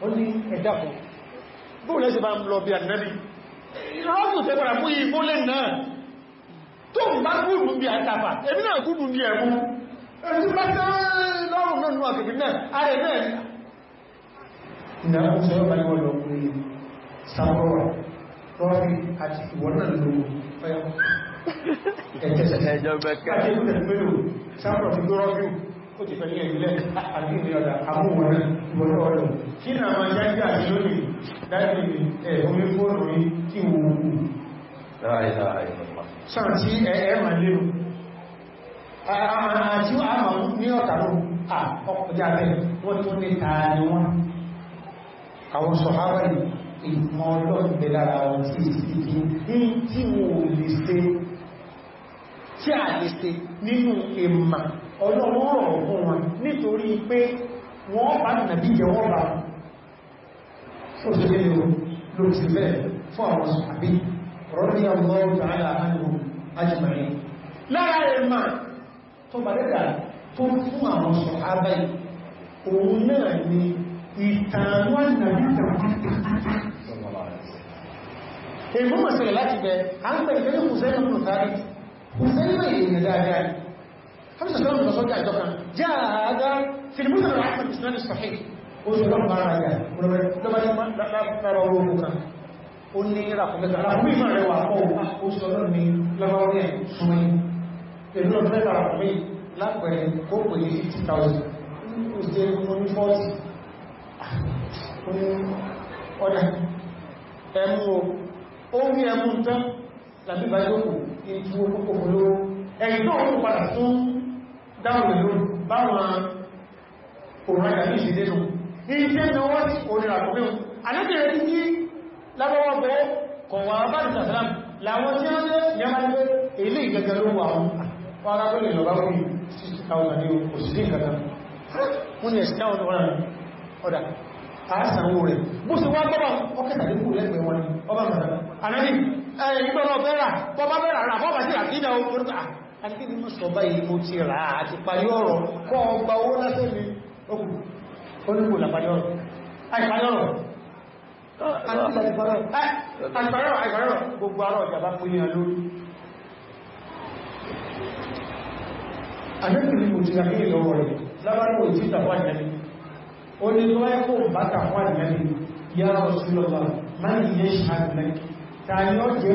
ó ní ẹ̀dàpọ̀ bóò lẹ́sẹ̀ bá ń lọ bí ànẹ́bí ìrọ́sùn tẹ́ padà fún igbó lẹ́ náà tó ń bá gúrù bí àtàfà èmi náà gúrù bí ẹ̀mú ẹ̀sùn bá tẹ́ lọ́rùn náà níwà kìfì náà ààrẹ náà ìdáhùn sọ́rọ̀ bá níwọ̀n lọ pé sàmọ́rọ̀ rọ́rí àti ìwọ̀n náà lò ẹ̀tẹ́sẹ̀tẹ́ ìjọba kẹ́ ó ti fẹ́ ní ẹ̀mílẹ̀ àti ìrìnàdà àmúwọ̀n ìwọ̀n ọ̀rọ̀ kí náà máa jáde àti lónìí dájú ẹ̀ omi fóònù rí kí wo wù sàn tí ẹ̀ mà lérò àti àmà ní ọ̀tàrò ọkọ̀já rẹ̀ wọ́n tó ní tààrí wọn àwọn sọ̀háwà ìmọ̀ ọlọ́pẹ̀ lára wọn tí ìsìnkú ní tí wọ́n lè ṣe tí a lè ṣe nínú ìmọ̀ ọlọ́run rọ̀ fún wọn nítorí pé wọ́n bá nàbí jẹ wọ́n bá sọ́sílẹ̀ lóòsìlẹ̀ fún àwọn sàbí rọ́dí ọlọ́run tààlà ánìyàn ajìmọ̀rin lára ẹ̀mà tó bàlẹ́dà tó fún àwọn sọ̀hábà òun náà ni ìtàwọn nàbí tàbí خمسة سلام الرسول قاعد يدخل جاء هذا في المسلم العام الإسلام الصحيح وسلام معايا لما لما لا روحك قلني رقم رقمي ما هو أقوم وسلمني لما وني سمي إنه ثلاثة رقمي لا بين كم بين ستة thousand وستين من فوز ọ̀dà ẹmú o ó ní ẹmú tán láti bá yóò kù ní tí ó kókò lówó ẹ̀yìn náà ó padà fún dáwọn ìlú báwọn òun àgbà ní ìṣẹ́dẹ́nu iṣẹ́ ni wọ́n ti onírà tó mẹ́un alẹ́bẹ̀rẹ̀ tí kí lábọ́wọ́ bọ́ kọ̀wà bá ti sàtàlám láwọn tí ó lé yẹmàlẹ́ ilé ìgẹ̀gẹ̀ ló wà wọ́n ará tó lè lọ bá wọ́n ní òṣìṣẹ́ ìkàtà wọ́n ni ẹ̀sìká wọn wọ́n ọ̀dà àásàwò rẹ̀ bó sì wá gbọ́bà ọkẹ́tàdínkù lẹ́gbẹ̀ẹ́ wọn ọba mẹ́ta àti kí mú sọ báyìí mo ti rà àti parí ọ̀rọ̀ kọ́ ọgbà owó lásẹ̀ ní okùn onígbò làparí ọ̀rọ̀ àìparí ọ̀rọ̀ àìparí ọ̀rọ̀ gbogbo arọ̀ ìjàbá fún ní alórí àjẹ́kùnrin mo ti rà ní ìlọ́wọ́ rẹ̀ lábárò ìjí tàfà ìyẹni ó ní tó ẹ́kò bá tàfà ìyẹni yá ọ̀sùlọ́lá máa ní ilé ṣàdùnlẹ́ ta ni ó jẹ́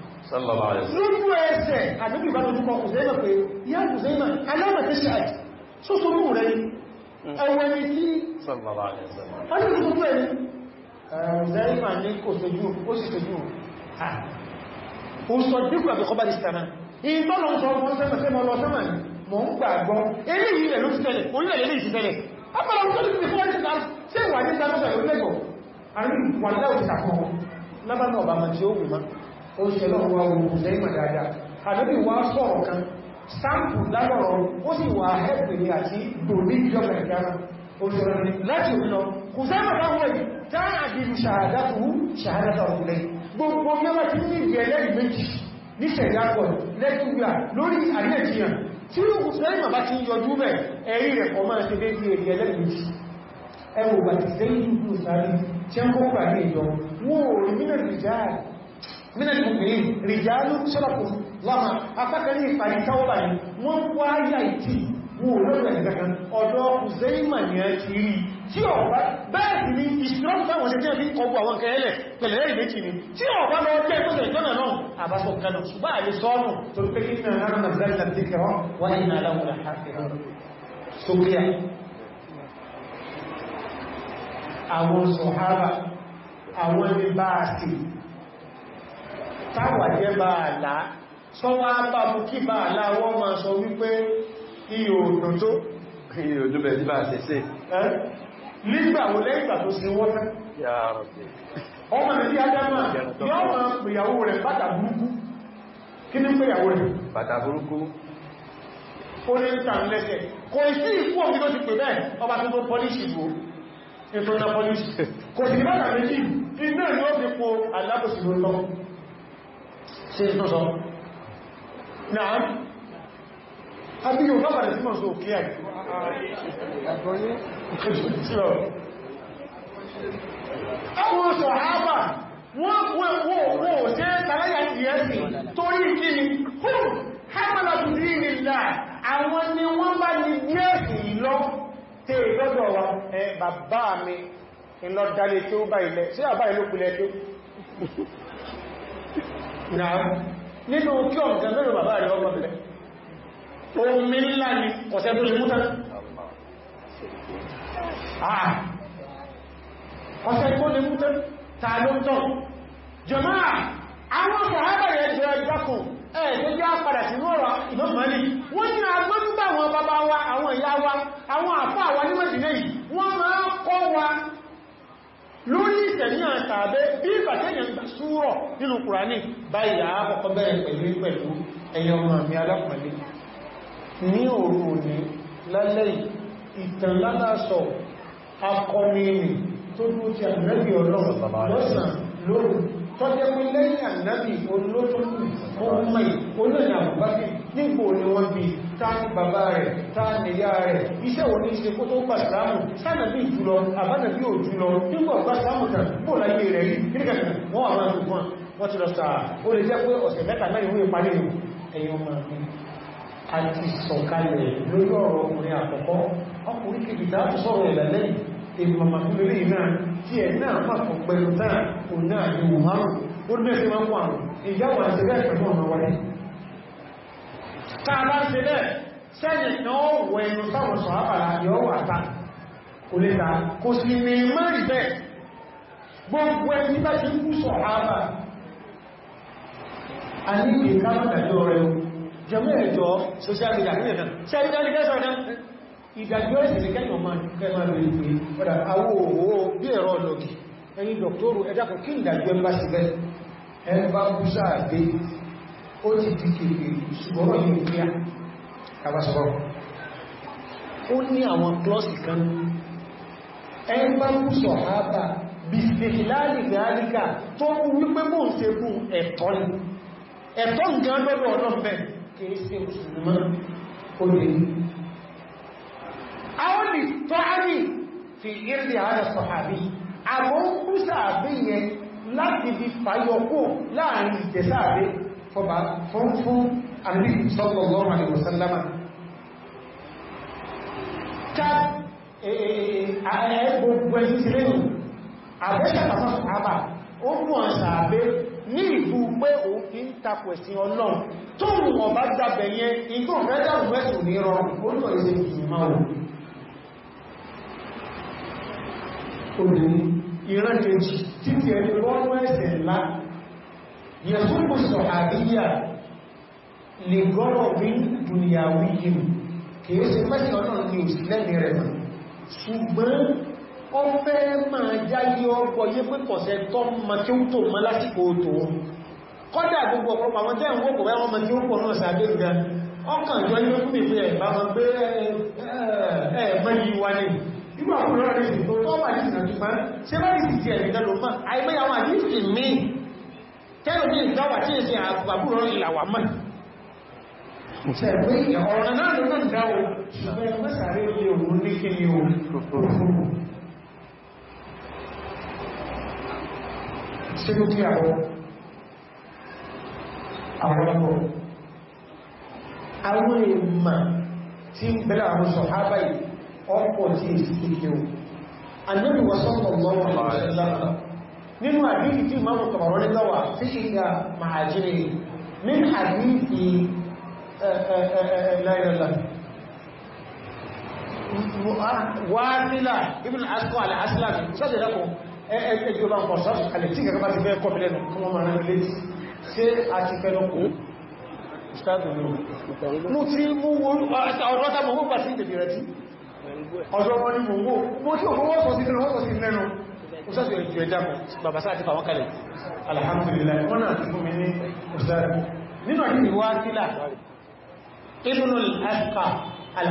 lójú ẹsẹ̀ àdúgbì bá lójú kọ kùsẹ́mà pé yá kùsẹ́mà alámàtẹ́ ṣáàtì só so mú rẹ̀ ẹwẹ́ ní kí ọdúnkùsẹ́mà ní kò sojú ó sì sojú ó sọ dípò àbíkọba di sàmà ìtọ́lọ̀ sọ wọ́n sẹ́mà sẹ́mà lọ sẹ́mà mọ̀ ń gbàgbọ́ eléyìí rẹ̀ ló ti tẹ́lẹ̀ orílẹ̀ eléyìí ti tẹ́lẹ̀ apọ̀lọ̀ tó ti fún ẹ̀sìn náà sẹ́wà ní sàmà sẹ́mà lọ́gbẹ̀gbọ̀ àrí wà láwùsàkọ̀ lábánà ọ̀bàmà tí ó wù máa ó ṣe lọ́wọ́ wa wo ṣe ìmọ̀ dáadáa àdóbì wá sọ̀rọ̀ kan sáàpù lágbọ̀rọ̀ ó sì wà hẹ́pẹ̀lẹ̀ àti gbòmí ìjọba ìdára òṣèrè láti òun lọ kò sẹ́mọ̀ láwọn èyí dáàdìrù ṣàhádátù ṣàhádátà òkúlẹ̀ gbogbo mẹ́wàá tí ní ìwé ẹlẹ́rìí méjì ní sẹ̀dápọ̀ lẹ́gbùgbà lórí àríyànjiyàn tí ìwòsàn bá ti yọjú mẹ́ ẹ̀rí rẹ̀ kọ máa ṣe déédé èrí ẹlẹ́rìí méjì ẹwọ̀ bàtí sẹ́yìn ìlú sáré tí ó kó pàdé ìjọ wọ́n ò rí mínà nìjáàrí mínà ìgbòmìnì rìjálù ṣọ́lọ̀kù lọ́mà afẹ́kẹ́rí ìfàyí táwọ́bà ní wọ́n wá yà ìtì wọ́n olóòrùn ẹ̀gẹ̀gẹ̀ ọ̀dọ́ zẹ́ìmà ní ẹ ti rí tí ọ̀bá bẹ́ẹ̀ sì ni ìṣìlọ́pù táwọn ṣe jẹ́ bí ọgbọ̀ àwọn kẹ́ẹ̀lẹ̀ pẹ̀lẹ̀ rí méjì ni tí ọ̀bá lọ jẹ́ ìpínlẹ̀ ìjọ́nà náà àbásọ̀ kanà ṣùgbọ́n àyè sọ́nù tó pé kí náà rárá náà zẹ́rẹ̀ tàbí kẹrọ wà ní àdáwọn àhàfihàn sókíà àwọn sọ̀hábà àwọn ẹni bá a sì táwà jẹ́ bá àlá sọ́wọ́ bá mú kí bá àlá wọ́n máa sọ wípé ihò òdòdó ihò òdòdó bẹ̀rẹ̀ bá àṣẹ́ṣẹ́ nígbàwó lẹ́yìn ìgbà tó sí wọ́n ọmọ ìdí adámà yọ́ ma pèyàwó rẹ̀ bàtà burúkú kí ní pèyàwó rẹ̀ bàtà burúkú ó ní ìtànlẹ́sẹ̀ kò sí ìkú ọmọ tó ti pè bẹ́ẹ̀ ọba tó tó pọ́líṣì bò ìtọ́nà pọ́líṣì kò sí bàtà méjì iná ni ó fi po alábòsí lóòtọ́ ṣe tó sọ náà àbí yóò bábà rẹ̀ símọ̀ sí òkè ẹ̀ àwọn sọ̀hábà wọ́n kú ẹ̀kú owó ṣe tàbí ìyẹ́sì torí kí ni fún hàmàlàtù dínìlá àwọn ni wọ́n bá ní yẹ́sì lọ tí ìgbẹ́gbọ̀ wa ẹ bàbá mi ìlọ tí ó bá ilẹ̀ náà nínú kí ọ̀n gan mẹ́rin bàbá rẹ̀ ọmọ bẹ̀rẹ̀ omi ńlá ni ọ̀sẹ̀ tó lè mú tán ah! ọ̀sẹ̀ tó lè mú tán tàà ló tán jọmọ́ àwọn ọ̀sẹ̀ àbẹ̀rẹ̀ jẹ́ ẹgbẹ́kùn ẹ̀ẹ́dẹ́gbẹ́ wa lórí ìtẹ̀ní àtàbẹ́ bí ìbàtẹ́yàn gbà súrọ̀ nínú kùránì báyìí àápọ̀kọ́ bẹ̀rẹ̀ pẹ̀lú pẹ̀lú ẹyọ ọmọ àmì alápọ̀lẹ́ ní òru òní lálẹ́ ìtàn lálásọ akọmìnì tó dúró ti ànábì ọlọ́run lọ́sàn nígbò ni wọ́n bí táàkì bàbá rẹ̀ táàkì ìyá rẹ̀ iṣẹ́ òní ṣe kó tó pàṣàmù sánàbí ìjùlọ àbánàbí òjùlọ nígbà pàṣàmù tàn bó láyé rẹ̀ rí nígbàtà wọ́n àwọn àjùgbọ́n wọ́n ti lọ sáà ó lè jẹ́ pé ọ̀sẹ̀ mẹ́ta mẹ́rin wọ́n parí ẹ̀yọ́ máa bí a ti sọ̀kalẹ̀ lórí ọ̀rọ̀ ọkùnrin àkọ́kọ́ ọkùnrin kejì ni muhammadu ó ní mẹ́sí máa ń wà ìyáwó àti ẹgbẹ́ ìfẹ̀mọ́ ọmọ tààbá ń ṣe bẹ́ẹ̀ sẹ́yìn náà wọ ẹnu sáwọn sọ̀hábàlá yọ wà ta kò lè ta kò sì ní mẹ́rin bẹ́ẹ̀ gbogbo ẹni bá ti kú sọ̀hábà a ní ìgbè káàkiri rẹ̀ jẹmọ́ ẹ̀jọ́ social media ní ẹ̀kan ṣe ẹni dáni kẹsàn náà ìdàjọ́ ìsìnkẹ́ kẹ́yàn máa kẹ́mà lórí pé ọ̀dà àwọ̀ òwò bí ẹ̀rọ lọ́gì ẹni dọ̀tọ́rù ẹ̀dàkùn kí ìdàjọ́ ẹmbá sí bẹ́ẹ̀ ẹmbá kú sáà ó ti di kèrè ṣùgbọ́n yìí ò kíá kàbásọ̀rọ̀ ó ní àwọn klọ́sì kan ẹgbẹ́rún sọ̀hábà bìsìláàlì gáríkà tó ń wípé mọ́ ṣe fún ẹ̀tọ́ ni ẹ̀tọ́ nǹkan lọ́dọ̀ ọlọ́fẹ́ kìí ṣe mùsùlùmá ó lè ní àwọn lè tọ́árì fi ìrìnlẹ̀ ààrẹ sọ̀hábì àwọn ń kú sàábé yẹn láti fi fàyọkó láàrin ìjẹsàábé fọba fún fún àrí sallallahu alaihi wasallama ká e, e, e, gbogbo ẹni ti lẹ́yìn àbẹ́sàtàfà àbà ó mú ọ̀sà àbẹ́ ní ìlú pé òun fi ń takò ẹ̀sìn ọlọ́run tó rùn ọ̀bá dàbẹ̀ yẹn igbó rẹ́dàrùn mẹ́sùn ní rọrùn ó lọ ìṣẹ́ ìjìmá òun obìnrin ìran kejì títí ẹni lọ́rún ẹ̀sẹ̀ ńlá يصب الصحابية لغرض دنيوي kìí ṣe pẹ́sì ọ̀nà ní òsìlẹ́ni rẹ̀ mọ̀ ṣùgbọ́n ó fẹ́ máa jáyé ọgbọ̀ yé pé pọ̀sẹ̀ tọ́ ma kí ó tó ma lásìkò tó kọ́dà gbogbo ọ̀pọ̀lọpọ̀ àwọn tẹ́ ìwọ̀n kò wẹ́wọ́n ma kí ó pọ̀ náà sàbẹ̀ ìgbà ọkàn jọ ilé fún mi pé ẹ̀bá ma gbé ẹ̀ẹ̀mọ́ yìí tẹ́lù ní ìgbàwà tí èsì àgbàgbúrò ìlàwà mọ́ ṣẹ̀gbé ọ̀rọ̀ náà ló ń dáwò ṣùgbọ́n mẹ́sàárẹ́ ilé òun ní kí ni òun ṣégún kí àwọ́ àwọn ọmọ àwọn èèmà tí ń bẹ̀rẹ̀ àwọn sọ̀hábà ọ̀pọ̀ tí èsì kí ni òun nínú àdíjì tí ìmọ̀ tọ̀rọ̀ nígbàwà sí ìgbà màájírí ní àdíjì láìrọ̀lá wáàtílà ibn asko al'aslami sọ́jẹ̀ lọ́kùn ẹgbẹ́ ìjọba ń pọ̀sọ́ alẹ́ tí gẹ̀gẹ́ bá ti fẹ́ kọ́bílẹ̀ nù kí wọ́n máa rán lé ṣe a ti fẹ́ lọ́kùn mo ti mú ọ̀rọ̀ tàbí ọgbà sí ìdèbìrẹ̀ tí ọjọ́ wọn ni mo wó mo tí ò òṣàṣì ẹ̀jù ẹjá mọ̀ bàbá sáà ti fàwọn kalẹ̀ alhamdulillah wọ́n náà ti fún mi ní òṣàṣì nínú àti ìwáṣílà ibn al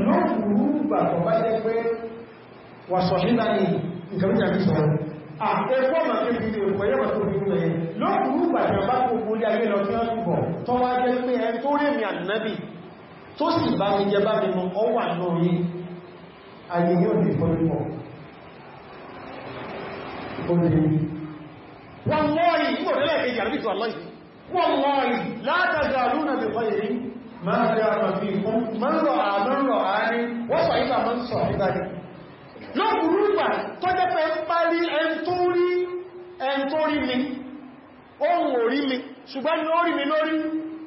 lọ́pùrú bàtọ̀ bá jẹ́ pé wà ní ní fi òpò yẹ́ rẹ̀ bá ayé lọ tí wọ́n tó wá jẹ́ pé ẹ tó rí mi ànábì tó sì bá mi jẹ bá mi mọ ayé yóò lè fọ́ lúpọ̀ wọ́n mọ́ ما دام فيكم من رأى من رآني وصعد من صعدني lọ́gbùrú ìgbà tó jẹ́ pé ń parí ẹn tó rí mi ohun orí mi ṣùgbọ́n ní orí mi lórí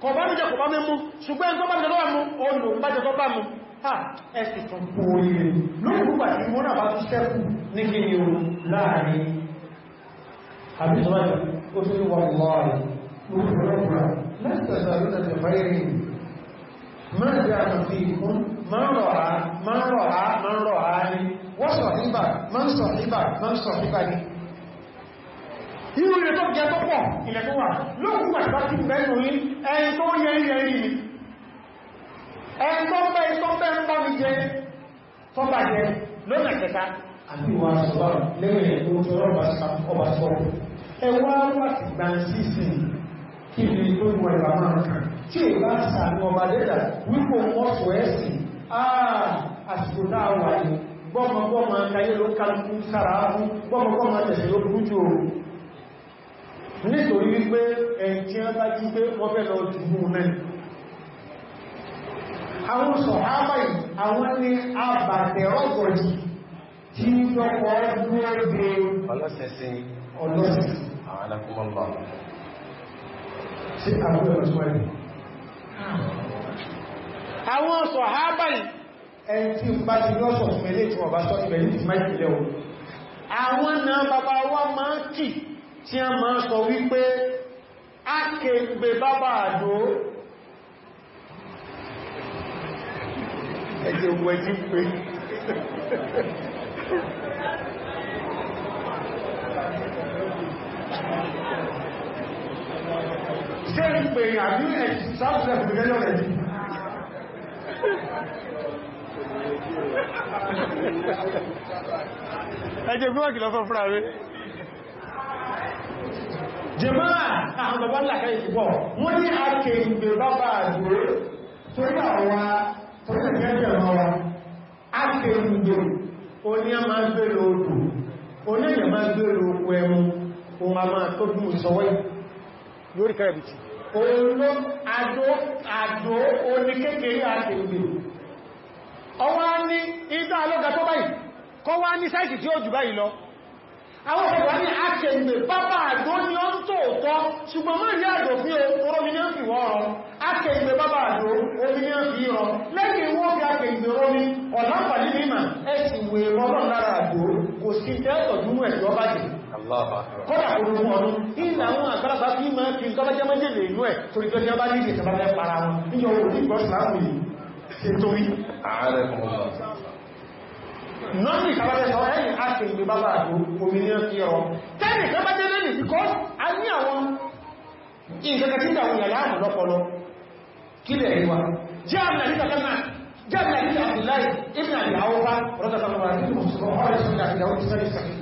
kò bá níjẹ́ kò bá mẹ́mú ṣùgbọ́n tó bá jẹ́lọ́wà mú olù bá jẹ́ tó bá mú ha ẹ̀sì tó kòrí rẹ̀ lóòrùgbà tí wọ́n náà bá tún sẹ́kù ní kí ni o láàrin àbìsọ́lẹ̀ ماذا نفيكم من رعى من رعى من رعاني وصحبك من صحبك من صحبك irú ilẹ̀ tó jẹ tó pọ̀ ilẹ̀ tó wà lóòkú àtìbá ti bẹ̀rù ní ẹni tó yẹ ilẹ̀ rí mi ẹni tó bẹ́ tó bẹ́ ń bá mi jẹ tó bá jẹ lónà ìjẹta àti wà sọ́rọ̀ lẹ́rẹ̀ tó tó ọba sọ́rọ̀ ẹwà wà ti gbà sí sí kí ni tó wà ìbàmọ́ kan tí è bá sàánú ọba lẹ́dà wípò wọ́n sọ ẹ̀sìn àà àsìkò náà wà ní gbọ́mọgbọ́mọ ayé ló kálùkú sára áhú gbọ́mọgbọ́mọ tẹ̀sẹ̀ ló burú jù oòrùn nítorí wípé ẹ̀kí ọ́n bá jí pé wọ́n fẹ́ lọ jùgbù náà àwọn sọ̀hábà yìí àwọn ní àbàtẹ̀ ọgọ̀jì tí lọ́pọ̀ ọdún ẹgbẹ̀ ọlọ́sẹsẹ ọlọ́sẹsẹ àwọn alákùnmọ́lọ́ sí àwọn àwọn sọ̀hábà ẹni tí ń bá ti lọ́sọ̀ fún ilé tí wọ́n bá sọ ìbẹ̀lẹ̀ ti máa ìpìlẹ̀ ohun àwọn náà bàbá wa máa kì tí a máa sọ wípé a kègbè bàbá àdó ẹjẹ̀ wẹ̀jí pé Thank you ṣé ìpè àbí ẹ̀sìsáàbùsẹ̀ fìdíkẹ́lẹ̀ rẹ̀ yìí ẹjẹ́ bí wọ́n kìlọ fún fúnra rẹ̀ jẹmáà àwọn bàbá làkà ìgbọ́ wọ́n ní àkè ìgbè bàbá àdúró torí àwọ́ torí ìgbẹ́jẹ̀ lọ́wọ́ àkè ìgbè oní a máa gbèrò odò oní èyàn máa gbèrò oko ẹmu ohun a máa tó bí ìsọwọ́ yìí yóò rí kẹ́rẹ̀bì tí oòrùn àjò àjò oníkékeré àti ìgbè ọwá ní ìdá alọ́gà tó báyìí kọ́ wá ní sáìsì tí ó jù báyìí lọ àwọn ọ̀pọ̀ ní àkẹ̀gbẹ̀ bàbá àjò ní ó ń tó ọ̀tọ́ ṣùgbọ́n mọ́ ìyá àjò fí orominian fi wọ́n rọ àkẹ̀gbẹ̀ bàbá àjò ominian fi rọ lẹ́yìn wọ́n fi àkẹ̀gbẹ̀ omi ọ̀làpàá nílìmà ẹ̀sìn wèrọ e lọ́nà àjò kò sí tẹ́ẹ̀tọ̀ dúnmù ẹ̀sìn kọ́dà orogún ọdún ìlà àwọn àgbàlagbà tí máa fi nǹkan bá jẹ́ mẹ́jẹ̀ lè inú ẹ̀ torí tó jẹ́ bá ní ìṣẹ̀tẹ̀ bá fẹ́ para wọn níyọ orí ìgbọ́sìláàmù yìí ṣe torí ààrẹ nọ́nì ìsàbájẹ́ sọ ẹ̀yìn àti ìgbé bábá àjò òmìnira fi ọ tẹ́lì kan bá jẹ́ lẹ́nì síkọ́ a ní àwọn ìkẹ́kẹ́ tí ìdàwọn ìyàlá àmì lọ́pọ̀lọ́ kí lẹ̀ rí wa jẹ́ àmì àríkà kan náà jẹ́ àmì àríkà àbìláì ìbìnà ìyàwó bá rọ́tàtàmọ́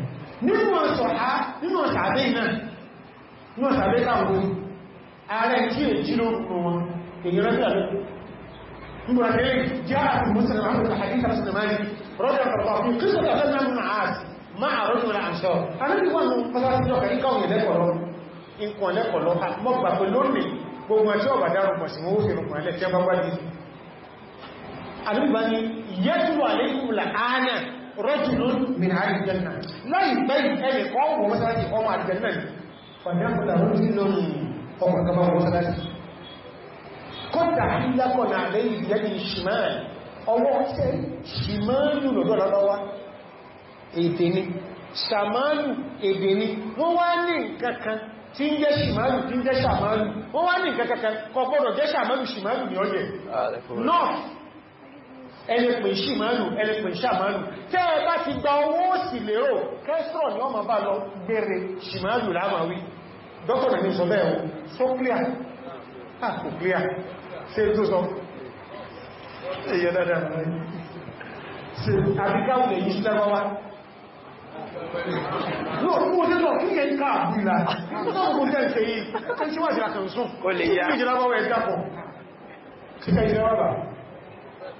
nínú ọ̀sọ̀há nínú ọ̀sàbé náà nínú ọ̀sàbé káàkó ààrẹ tí è jí ló fún wọn èyí rẹ́bí àdókù nínú àdérí jẹ́ àti mùsùlùmí àmúta hadith al-sinimani rọ́dọ̀ ọ̀pọ̀ fún kí sọ́dọ̀ ọ̀dọ̀ náà múnà áàs máa àrọ́dún rẹ̀ àṣọ alẹ́gbẹ̀wọ̀n pàtàkì ọkà ikọ̀ lẹ́kọ̀ọ́lọ́ mọ́gbà pẹ̀lú ní gbogbo ẹ̀ṣọ́ ọ̀bàdárùn pọ̀ sí wọ́n ó fi rùn pẹ̀lẹ̀ tí a bá gbá ní àdúgbà ní yẹ́tùwà lẹ́kùnlà ánà rọ́jùlún min àìjẹ̀nà láì bẹ́ì ẹni kan wọ mọ́sálásí ọmọ àìjẹ̀nà fàdámọ́lá rọ́jùlún ọmọ àgbà mọ́sálásí kọ́dà hílákọ̀ náà lẹ́yìn ìyẹ́dì ṣìmáàlì ọwọ́ tẹ́ ṣìmáàlù lọ́dọ́lọ́wá èdè ni ṣàmáàlù èdè ni wọ́n wá ní nǹkankan tí ń jẹ́ ṣìmáàlù tí ń jẹ́ ṣàmáàlù wọ́n wá ní nǹkankan kò gbọdọ̀ jẹ́ ṣàmáàlù ṣìmáàlù ní ọjẹ́ north ẹlẹ́pẹ̀ ìṣì mọ́lù ẹlẹ́pẹ̀ ìṣà mọ́lù tẹ́ ẹ bá ti gba owó sì lérò kẹ́sìrọ̀ ni ọmọ bá lọ gbèrè ṣì mọ́lù lámàwí dọ́kọ̀nà ní sọ bẹ́ẹ̀ so clear ah kò clear ṣe tó sọ èyẹ dáadáa ṣe àbíkáwùlẹ̀ yìí sí lábáwá lọ fún òṣèlú lọ kí ẹ ń ká àbúrà lọ́wọ́ kò tẹ́ ṣe yìí kí ṣíwájì àkànṣún kò lè yá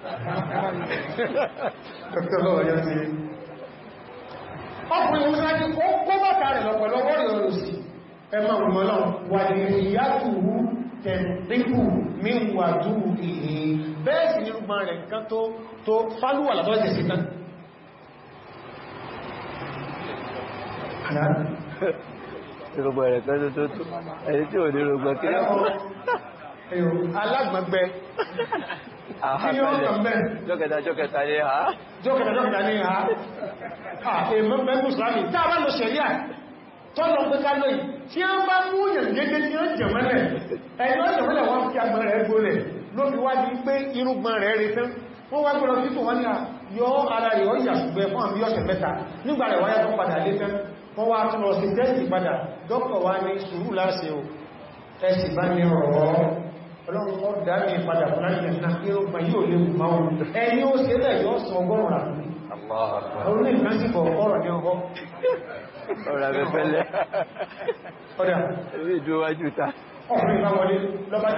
Dr. Lọ́wọ́ yọ́ sí. Ọkùnrin mú sáájú ó kó bàtà rẹ̀ lọ pẹ̀lú ọwọ́ ìrọ̀lù sí ẹmọ ìmọ̀lọ́ wà ní ìyàtùwú tẹ̀ríkù míwàjú ìhì bẹ́ẹ̀ sì ní rúgbà rẹ̀ nǹkan tó tó fálúwà látọ́jẹ̀ sí tán. Ìrùgbà rẹ̀ kan tó tó ẹni tí ò ní rùgbà kí jọ́kẹta jọ́kẹta ní ha jọ́kẹta jọ́kẹta ní ha àfẹ́mọ́ mẹ́mùsùlámi tí a bá lọ ṣẹ̀ríà tọ́lọ pé ká lóyìn tí a bá mú yẹ̀gẹ́gẹ́ tí ó jẹ̀mọ́lẹ̀ ẹ̀yọ́ jẹ̀mọ́lẹ̀ wọ́n fi agbọ́n rẹ̀ gbọ́lẹ̀ ló fi wá di pé irúgbọ́n rẹ̀ rẹ̀ tán wọ́n wá gbọ́lọ títò wọ́n ní à yọ ara rẹ̀ ó yà ṣùgbẹ́ fún àmì ọ̀sẹ̀ mẹ́ta nígbà rẹ̀ wáyé fún padà lé tán wọ́n wá tún lọ sí tẹ́sì padà dọ́kọ̀ wá ní sùúrù láṣẹ o ẹ̀sì bá ní ọ̀rọ̀ ọlọ́run kọ́ dámì padà fún láti ẹ̀nà irú pa yíò lè mú máa ẹni ó ṣe lẹ́ yóò sọ ọgọ́rùn rà fún orí nǹkan sí bọ̀ ọ̀rọ̀ ní ọgọ́ ọ̀rọ̀ abẹ́fẹ́lẹ́ ọ̀dá orí ìjọwájú ta ọ̀rọ̀ ìbáwọlé lọ́bá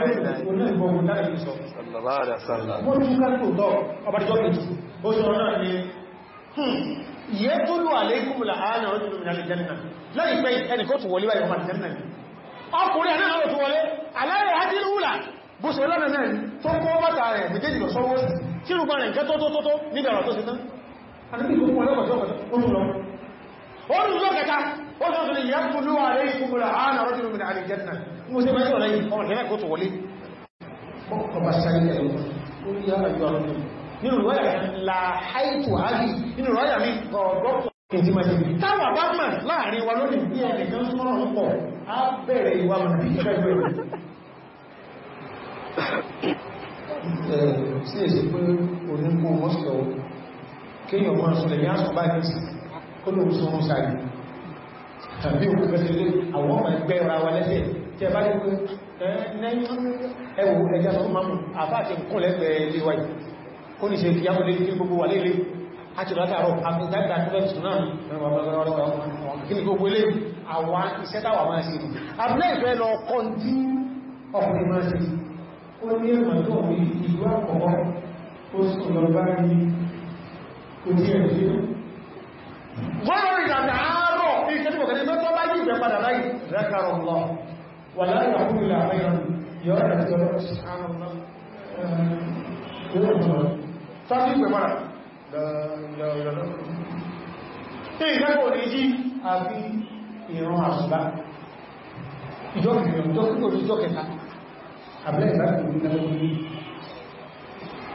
jẹ́ ọkùnrin àná àwọn tó wọlé aláàrẹ̀ hajjí rúlà bó ṣe lọ́nà náà tó kó bàtà rẹ̀ méjèèjì lọ sọ́wọ́ sí kí rúgbà rẹ̀ nǹkan tó tó tó níbi ọ̀rọ̀ tó ṣe tán nínú ìwọ́yà láàáìtò àárí nínú ìwọ́yà mi ọ̀rọ̀pọ̀ ìtìmọ̀tì táwà bá mọ̀ láàrin wa lónìí bí ẹnìkan súnmọ́ ọ̀pọ̀ á bẹ̀rẹ̀ ìwà mọ̀ bí ìṣẹ́gbẹ̀rẹ̀ sí èsì pé onígbò mọ́sílọ̀ kéèyàn máa sọ lẹ́yìn àṣọ bá nìtì kó ló sọ wọ́n sáré tàbí òkú mẹ́sílẹ̀ àwọn ọmọ ẹgbẹ́ ra wa lẹ́sẹ̀ tí ẹ bá rí pé ẹwù ẹjá sọ máa mú àfáàtì kún lẹ́gbẹ̀ẹ́ ilé wáyé ó ní ṣe ìyàwó lé ní gbogbo wà lélé àti látàrọ àtìdájá tó lẹ́tù náà kí ni gbogbo ilé àwọn iṣẹ́ táwà máa ṣe ó ní ẹ̀mà tó ní ìlú àkọ́kọ́ ó sọ lọ bá ní kò tí ẹ̀ sí wọ́n rí ìdàdà àárọ̀ ní ìṣẹ́lẹ̀kọ̀ kẹ́lẹ̀ mẹ́tọ́ bá yí ìgbẹ̀ padà láì rẹ́kàrọ̀ lọ wà láì àkúrò làbẹ́yàn yọ́ rẹ̀ tí ọlọ́rọ̀ sí àárọ̀ abdullahi bá kìí nígbà tó ní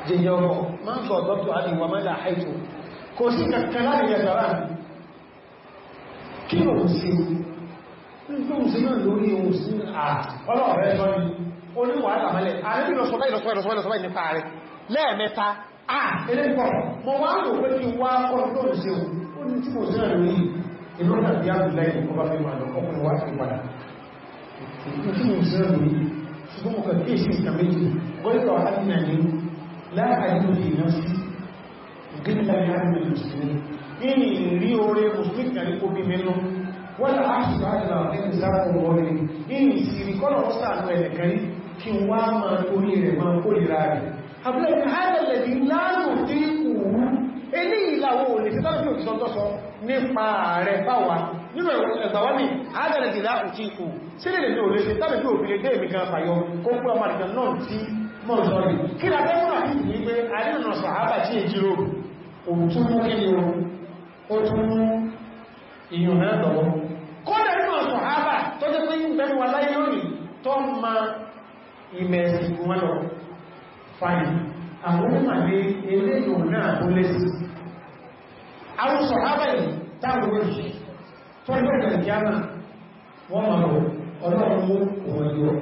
jẹyẹ ọmọ ma ń sọ ọ̀dọ́tọ̀ àdìwà mọ́lá àìtò kò sí kankan láàrin ẹgbàrá kí ló ń sí nígbóhùn sí náà lórí ohun sí ọlọ́ọ̀rẹ́ ẹ̀ṣọ́ ni ó ní wàhálà mẹ́lẹ̀ àrẹ́bí lọ́sọ́bá ìlọ́sọ́bá ìlọ́sọ́bá ìlọ́sọ́bá nípa rẹ̀ lẹ́ẹ̀mẹ́ta ah elẹ́gbọ̀n mo wá ń lò pé kí wá kọ́ lóòrùn sí ohun ó ní tí mo sí náà lórí ìlú náà bí á lù lẹ́yìn ọba fẹ́ wà lọ́kọ́ pẹ̀lú wá fi padà ṣùgbọ́n mo kàn kéèsì nǹkan méjì gọ́ìkọ̀ àdínà ní láàárín lè náà sí gílá ìhàmì mùsùlùmí nínú ìrí oore mùsùlùmí kàrí kó bí mẹ́nu wọ́n lá àṣìṣà àjọ àfẹ́ni sáàkùn wọ́rin nínú ìsìrí kọ́nà wọ́n sàánú ẹ̀lẹ̀kẹ́rí kí wá máa torí rẹ̀ máa kó ìrà rẹ̀ àbúlẹ̀ ìhàmì láàrùn tí kù nínú ẹgbàwọ́ ní àádọ́rẹ̀ ìlà òtí ikú sílẹ̀ lè ní òlé sí tàbí bí òfin lè mìkan fàyọ kó pẹ́ ọmọ ìgbà náà tí mọ́ọ̀sọ́rì kí la bẹ́ẹ̀ múnà sí wípé arínà sàhábà tí è jíro òtún mú kí ni ó tún mú ìyàn náà lọ́wọ́ kódà nínú sàhábà tó jẹ́ pé ń àwọn ìmàlé eléyìn táwọn olóṣìí tọ́jọ́ ìgbẹ̀lẹ̀kíámà wọ́n máa rọ̀ ọlọ́run òun yóò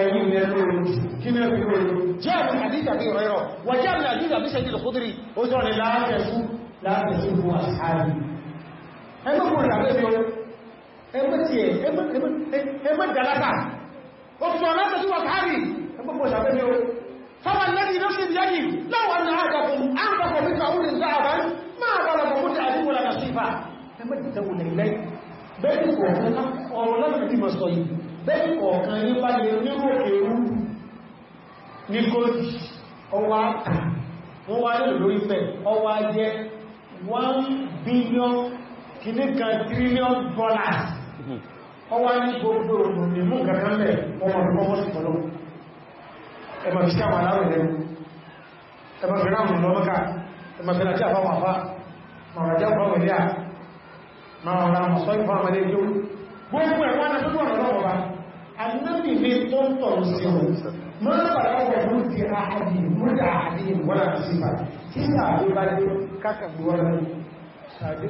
ẹ̀rí mẹ́rin ojú kí mẹ́rin ojú jẹ́ àwọn àdíjà bí ọ̀rẹ́rọ̀ wà jẹ́ àwọn àdíjà bí ṣẹ́jì lọ́kúdírí ó jọ ni láàrẹ̀sú láàrẹ̀sú fún àṣàrí ẹgbẹ́kùn ìrànlẹ́bí o ẹgbẹ́ tí ẹ ẹgbẹ́ dàlágà ó fi ọ̀rẹ́ tẹ́sí wà káàrí ẹgbẹ́kùn ìrànlẹ́bí o fọ́wọ́n lẹ́ni lọ́sí ìyáyì láwọn àjọkùn àǹkọ̀kọ̀ ẹgbẹ́ ìtẹ́wò lẹ́lẹ́ bẹ́ẹ̀ kọ̀ọ̀kan ọ̀rọ̀ láti bí mọ̀sọ̀ yìí bẹ́ẹ̀ kọ̀ọ̀kan yí bá lè níwò èrú ní kóòtù ọwá wọ́n wá lè lórí pẹ̀ ọwá jẹ́ 1 billion kìníkan trillion dollars ọwá ní gbogbo ìmú kankan lẹ̀ ọmọ ìfọwọ́sí máa ọ̀rọ̀ àwọn sọ ìfọ́ àmàlé kí ó gbogbo ẹ̀wọ́n na tókù ọ̀rọ̀ lọ́wọ́ wa annabi ne tó ń tọ̀ sí ọ̀ máa bàrá wọ̀ ló ti àhàdì múlẹ̀ àhàdì wọ́nà sífà tí sàbí bá dé kákà gbọ́ra sàbí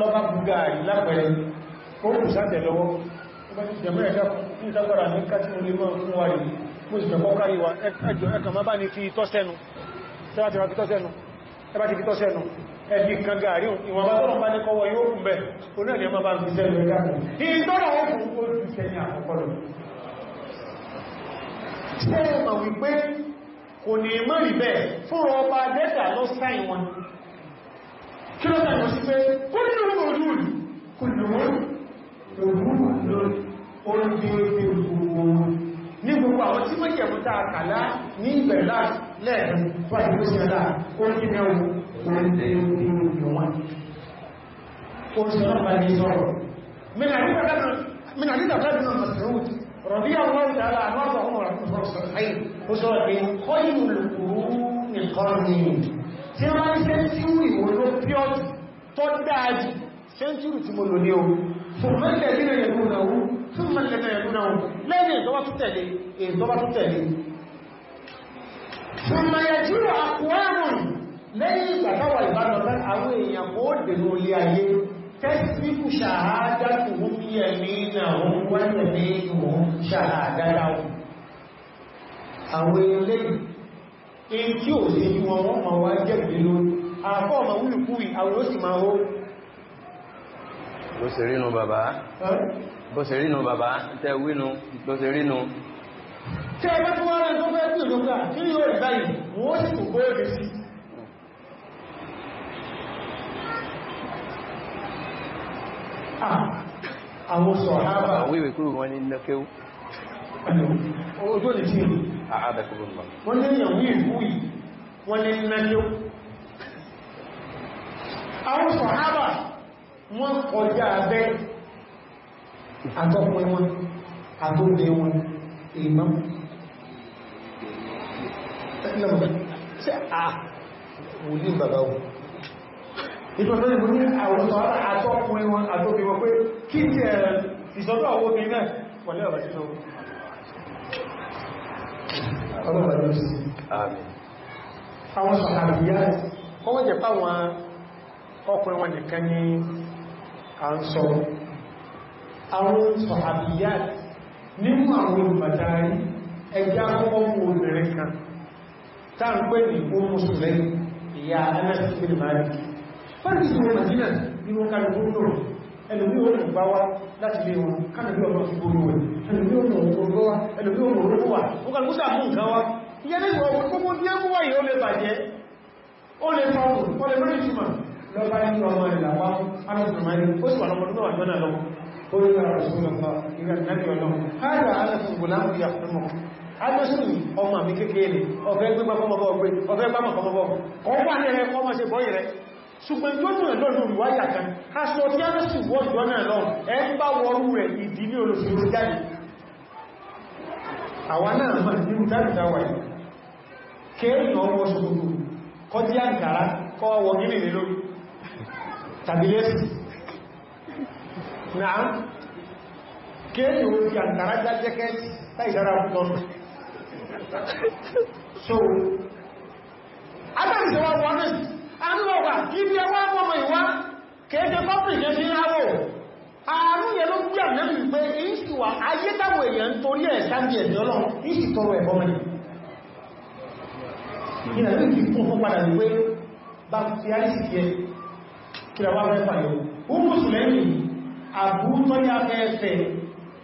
lọ́bá bugari lápẹ̀ẹ́ ó kù sáàtẹ̀ lọ́wọ́ jẹ̀mọ́ ẹ̀ṣẹ́ fún ìtàgbàrà ní kátí mo lè mọ́ fún wa rí mo sì fẹ́ kọ́kọ́ ẹbí kan gàrí ìwọ̀n bá tọ́rọ bá ní kọwọ yóò kún bẹ́ oní ẹni ọmọ bá ń gbìṣẹ́ ìwẹ̀ dákùn ìtọ́rọ ọkùn ó ti ṣe ní àkọ́kọ́lù ṣe mọ̀ wípé kò ní mọ́ ìbẹ̀ fún ọba dẹ́ta lọ sáì wọn kí ló tàbí sí pé kó nínú olúùlù kò ní gbogbo àwọn tí mọ́jẹ̀mú tààkàlá ní ìbẹ̀lá lẹ́ẹ̀rùn fún àìgbésẹ̀lá ó ní mẹ́rin من عديد أبلاد بن مسعود رضي الله تعالى عن وضعهم ورحمة الله الصالحين وصالحين خير القرون القرنين tí a máa ń sẹ́ntúrì olóòpíọ́t tó dáájú sẹ́ntúrì tí mo lò ní o fún mẹ́lẹ̀ nínú ẹ̀rù náà fún mẹ́lẹ̀ nínú ẹ̀rù náà lẹ́yìn ìdọ́wà tó tẹ̀lé ìdọ́wà tó tẹ̀lé fún mẹ́lẹ̀ jírò àkùwárùn lẹ́yìn ìgbàtàwà ìbánọ̀lẹ́ àwọn èèyàn kó dènà olè ayé tẹ́síkù ṣàhádá tùhún yẹ̀mí náà wọ́n yẹ̀mí ìwọ̀n ṣàhádá láwọn àwọn èèyàn lẹ́yìn in tí ò sí ní wọn wọ́n ma wá jẹ́ ìlú àkọ́ ọmọ wíwíwí àwọn ó sì máa ó bó ṣe rínú bàbá bó ṣe rínú bàbá tẹ́ wínú bó ṣe rínú tẹ́ ẹgbẹ́ fún wọn rẹ̀ tó fẹ́ sí ìlú Ah, àwọn sọ̀hábà ah, wíwẹ̀ kúrò wọn ní nọ́kẹ́wó ojú ní tí àádẹ́kùnlọ wọ́n ní èyàn wí ìwúyì wọ́n ní nọ́kẹ́wó àwọn sọ̀hábà wọ́n kọjá abẹ́ àtọ́pọ̀ wọn àtọ́lé ìtọ́jọ́ ìbò ní àwòsàn àtọ́kùnrin wọn àtọ́bí wọn pé kí tí ẹ̀ ìsọ́tọ̀ owó bí náà pọ̀lẹ́ ọ̀rọ̀ sí lọ́wọ́ àwọn sọ̀tàbíyà kọwọ́ jẹ́ páwọn ọkùnrin wọn nìkan ní à ń sọ àwọn sọ̀tàbíyà nínú àwọn olùbàtàrí ẹjá kọ́kọ́ mú obìnrin kan táà ń pè ní ó mùsùlẹ́ ìyá ẹlẹ́sìn fẹ́rẹ̀kìsì wọn nàìjíríà ní wọn kàrí gbogbo ẹlùmí òun ìgbà wá láti lè wọn kánàbí ọmọ sí gbogbo wọn ẹlùmí òun ògbogbo wá ẹlùmí òun ògbogbo wá ó kàrí gúúsà mú nǹkan wá ìyẹ́ ní ọmọ gbogbo ní ẹgbù wáyé ó lè bàjẹ́ ó lè fọ́nù ó lè mẹ́rin jùmọ̀ lọ́pá ní ọmọ ìlàpá alọ́sùnmọ́ ó sì wà lọ́mọ nínú àjọ́nà lọ́wọ́ ó rí ara ṣùgbọ́n lọ́pá ìrìnàjò ọlọ́run káàrà alẹ́sùnbùlá ń fi àfẹ́mọ̀ agbésùn ọmọ mi kékeré ọ̀fẹ́ gbígbà fọ́mọ́bọ́ ọgbẹ́ ọ̀fẹ́ gbámọ̀ fọ́mọ́bọ́ ọgbà ní ẹ̀rẹ́ ọmọ ṣe bọ́ ìrẹ́ ṣùgbọ́n jọ́nà lọ́nà ìwáyà kan aṣọ tí a sì wọ́n jọ́nà lọ ẹ ń bá wọrú rẹ̀ ìdí ní olùsòrò jáde àwa náà mọ̀ ní ìdájúdáwà yìí kéèyàn ọwọ́ ṣogbo kọ́ tí a ń kàrá kọ́ wọ nílẹ̀ lórí tàbí lẹ́sì náà kéèyàn ó fi àǹkàrá jájẹ́kẹ́ táìdára ọ̀tọ́ so agbáyìí àmọ́wà ibi ẹwà ọmọ ìwá kéèkéé pọ́pù ìyẹn fi ráwò ààrùn yẹ ló gbí àmẹ́rù pé èyí sì wà ayé táwọn èèyàn torí ẹ̀ sáàbí ẹ̀bí ọlọ́run ní sì tọrọ ẹ̀bọ́ mẹ́lì ìrìnàrí ìfún fún padà wípé bá fi àrí sí kí ẹ kí ra wá fẹ́ pàyọ oòrùn sùlẹ́mì àbúrútọ́ ní afẹ́ẹ̀fẹ́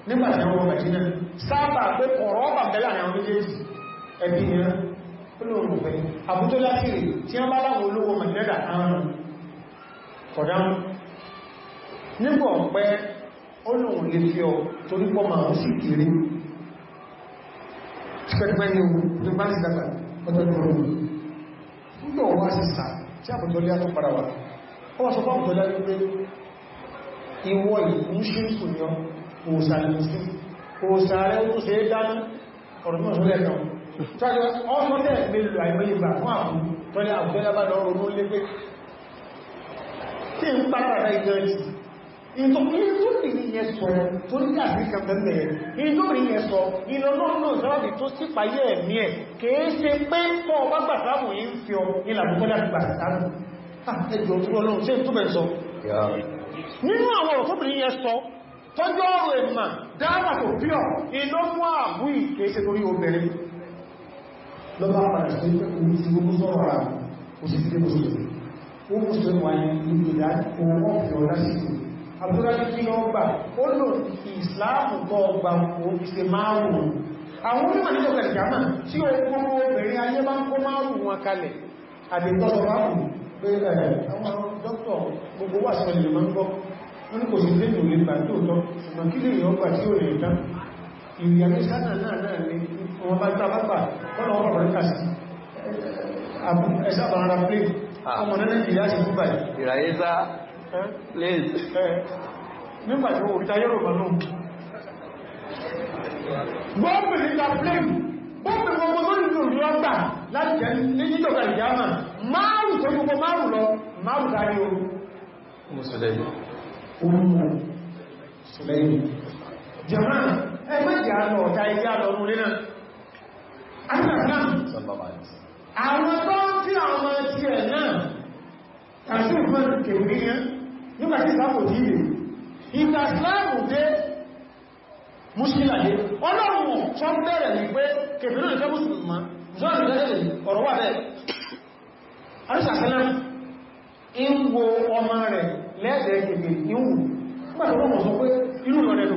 nígbàtí àwọn ọmọ mẹ́jìnà sábà pé ọ̀rọ̀ ọ̀bà bẹ́lá àwọn méjèèjì ẹbí ni olóòrùn pẹ̀lú àbútó láti rí tí wọ́n bá láwọn olówó mẹ̀lẹ́dà àrùn kọ̀dáhùn nígbọ̀ pẹ́ olóòrùn lè fi ọ torí pọ́ ma sí kiri pẹ̀lú ní bá ní dàgbà ọjọ́ ìwọ̀n òsàrẹ́ ó tún ṣe dánú ọ̀rọ̀ náà sólẹ̀ náà tọ́jọ́ ọdún tẹ́ mẹ́lù àìmẹ́lẹ́gbà fún àwọn tọ́lẹ̀ àbúgbẹ́lábà lọ́rọ̀ ló lépé tí ń pàtàkì ìjọ́jì ìtòkúlé tó rí ìyẹn sọ tó rí àríkà bẹ̀rẹ̀ inú ìyẹn sọ inú lọ́nà ìsáwàbí tó sí payé ẹ̀mí ẹ̀ kìí ṣe pé pọ̀ bá gbàtàmù yí ń fi ọ ìlàbùkọ́dá gbàtàmù ẹjọ́ tó lọ́nà ṣe tó bẹ̀ sọ nínú àwọn ọ̀rọ̀ tó bìí yẹn sọ tọ́jọ́ ọ̀rọ̀ ẹ̀mà dáàbà tó pí ọ̀ inú mú àbúì kìí ṣe torí obìnrin ló bá padà sí pé omi ti gbogbo sọ́rọ̀ rà kò sì sílé mùsùlùmí ó mùsùlùmí wà ní ìlú ìdá ohun ọ̀fẹ́ ọ̀dá sí ìlú abúrájú kí lọ gbà ó lò ìsìláàmù kọ ọgbà òun ti márùn-ún àwọn onímọ̀ nílò kẹ̀kẹ́mà tí ó kó obìnrin ayé bá ń kó márùn-ún wọn kalẹ̀ àdìtọ́sọ ráhùn pé àwọn dókítọ̀ gbogbo wà sí ọlẹ̀ máa ń gbọ́ wọ́n ní kò sí wọn bá gbá bàbà kọ́nà ọmọ ọ̀rẹ́kà sí ẹ̀sàbà ara plé ah. ọmọ náà lè yá sí gúgbà ìràyẹ́sá lèèsì nígbàtí ó rí tayẹ́rò pẹ̀lú bọ́ọ̀bì ní ta plé bọ́ọ̀bì gbogbo tó nínú rí ọgbà láti jẹ́ ní jíjọba ìyámà márùn tó gbogbo márùn lọ márùn dárí o mùsùlẹ́yìn jẹ́mà ẹgbẹ́ ìyá lọ ọ̀dá ilé àlọ́run lé náà àwọn tó ń tí àwọn ti ẹ̀ náà tàbí ìfún kèmí yẹn nígbàtí ìsáàmù tí ìrè ìgbà ìsìláàmù dé múṣílàyé ọlọ́run tó ń bẹ̀rẹ̀ ní pé kèmí lórí fẹ́ mùsùlùmá zọ́nà lẹ́lẹ́lẹ́ ọ̀rọ̀ wà bẹ́ẹ̀ arìsàsẹ́lẹ́mù ń wo ọmọ rẹ̀ lẹ́ẹ̀dẹ̀ẹ́ kèmí ní wù nígbàtí sọ pé irú ìrọ̀lẹ́nu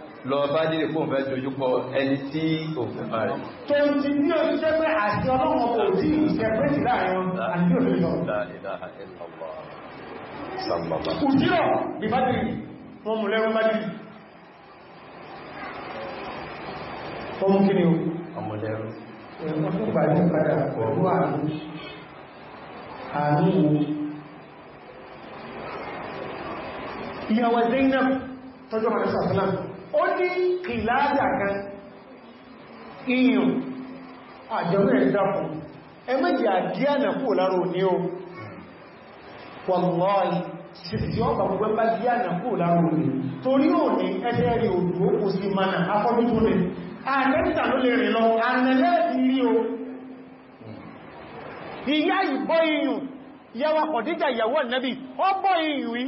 lọ bá dìrì fún fẹ́ dojúkọ ẹni tí òfin bá rẹ̀. tó ń ti ní òṣìṣẹ́ pé àti ọlọ́wọ́ kò tí ìṣẹ́ pé sí láàrin àti òṣìṣẹ́ òjírọ̀ bí bá dìrì wọ́n mú lẹ́rún bá ó ní kìláàdà kan iyùn àjọ̀rọ̀ ẹ̀dàkùn ẹmẹ́jì àdíyànà kú lára òní o wọ́nlọ́ì ṣìṣì ọba gbogbo ẹgbá díyànà kú lára òní torí òní ẹgbẹ́ rí òdúró kò sí mana afọ́dúdú ni àmẹ́ta ló lè rìn lọ ànẹ́lẹ́ẹ̀dì o ìyá ìbọ́ iyùn yẹwa kọ̀díjà ìyàwó ẹ̀nẹ́bì ọ bọ́ iyùn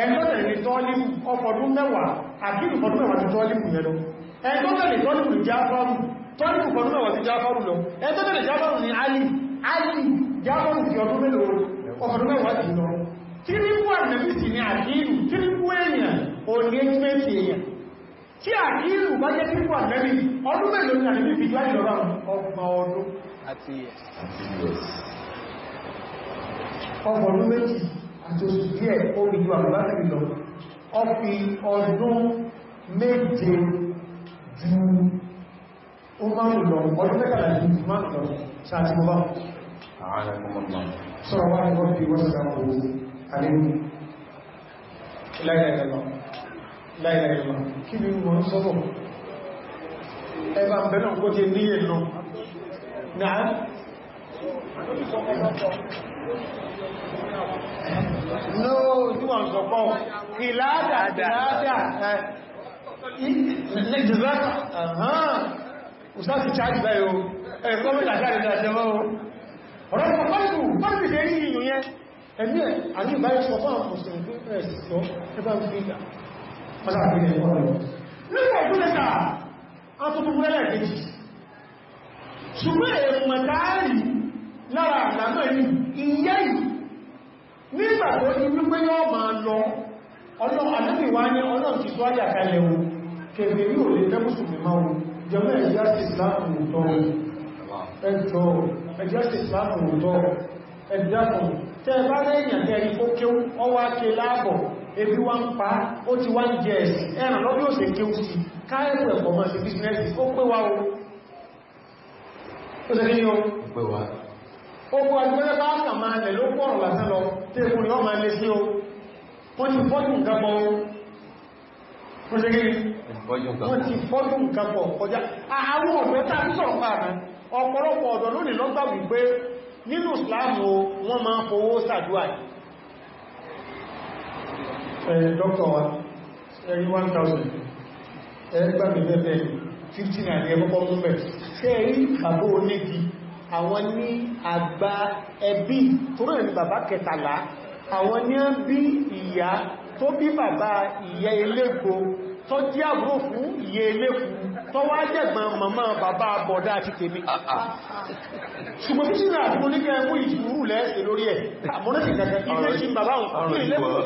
ẹgbọ́tẹ̀lẹ̀ tọ́límù ọfọdún mẹ́wàá àkílù fọdún mẹ́wàá ti tọ́límù yẹn lọ ẹgbọ́tẹ̀lẹ̀ tọ́límù jáfárù tọ́límù fọdún mẹ́wàá ti jáfárù lọ ẹgbọ́tẹ̀lẹ̀ jáfárù ni alì alì jáfárù ti ọdún mẹ́lòó ọfọdún mẹ́wàá ti lọ tíríkú ànàbìsì ni àkílù tíríkú èèyàn ò ní ẹgbẹ́sì èèyàn tí àkílù bá jẹ́ tíríkù ànàbì ọdún mẹ́lòó ni ànàbì fi láì lọ́rọ̀ ọgbà ọdún àti ọgbọ̀n méjì àti oṣù díẹ̀ ó fi ju àbúbákìrì lọ ọ fi ọdún méje ju ó máa ń lọ ọdún mẹ́kàlá ju máa ń lọ ṣáàtì mọ́ bá sọ́rọ̀ wá ní wọ́n fi wọ́n sọ́rọ̀ kò àríwú láìláìlọ́ kí ni wọ́n sọ́rọ̀ ẹbà bẹ̀rẹ̀ kó ti ní èlò náà no ìwọ̀n sọpọ̀ kìláàdà kìláàdà ìjìzọ́ta ahán ìsáàtì chájì báyìí o ẹ̀kọ́ eh, mẹ́ta charge dáadẹ́wọ́ o ọ̀rọ̀ ìpọ̀ pọ́lù pọ́lù ìdẹ̀ rí ìyìn yẹn ẹ̀mí ẹ̀ àní ìbáyé sọ fún àwọn òṣèrè tó fẹ́ sọ ẹgbẹ́ fi ìgbà pàtàkì ẹ̀kọ́ rẹ̀ nígbà ìgbẹ́lẹ́ta a tó tó gbẹ́lẹ̀ kejì ṣùgbẹ́ èèmọ̀ táàrí lára àdámọ̀ ní ìyẹ́ yìí nígbà tó ní wípé yóò máa lọ ọlọ́ọ̀lẹ́bìwá ní ọlọ́ọ̀ ti tó àyà kalẹ̀ o kèbè yóò lè fẹ́ mùsùlùmí máa o jẹmọ́ ẹ̀yà sí ìsìláàmù òótọ́ ẹjọ́ ẹ̀yà sí ìsìláàmù òótọ́ ẹ̀dàkùn tẹ́ ebi wá ń pa ó ti wá ń jẹ ẹ̀sì ẹ̀rìn lọ́bí òsè ké ó sì káẹ̀kù ẹ̀kọ̀ mọ́ sí bísínẹ́sì ó pé wá o ó sẹ́kẹ́ ní ó pé wá ogun agbẹ́lẹ́ bá kà máa lẹ̀ ló pọ̀rọ̀ lásán lọ tí èkùn yọ́ máa lé sí o wọ́n ti fọ́jú nǹkan pọ̀ o ṣe gẹ́gẹ́ wọ́n ti fọ́jú nǹkan pọ̀ kọjá àwọn ọ̀dọ́ tá ń sọ̀rọ̀ pààrà ọ̀pọ̀lọpọ̀ ọ̀dọ́ lónìí lọ́gbà wípé nínú ìsìláàmù wọ́n máa fowó sàdúà dọ́kọ̀ wa ẹ̀rí 1000 ẹgbàmì bẹ́ẹ̀ 15 àti ẹgbọ́gbọ́ mú mẹ́ ṣe rí àbó onígi àwọn ní àgbà ẹbí tó rẹ̀ ní bàbá kẹtàlá àwọn ní ó bí ìyá tó bí bàbá ìyá eléko tó jẹ́ àbúrò fún ìyá eléko tó wá jẹ̀gbọ́n màmá bàbá bọ̀dá àti tèmi ṣùgbọ́n bí sínú àbúrò ní kẹrẹmú ìṣúrù lẹ́ẹ̀ṣẹ̀ lórí ẹ̀ àmọ́lẹ́sìn kẹta ilé jí bàbá wọn ní ilé kò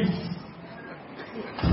sínú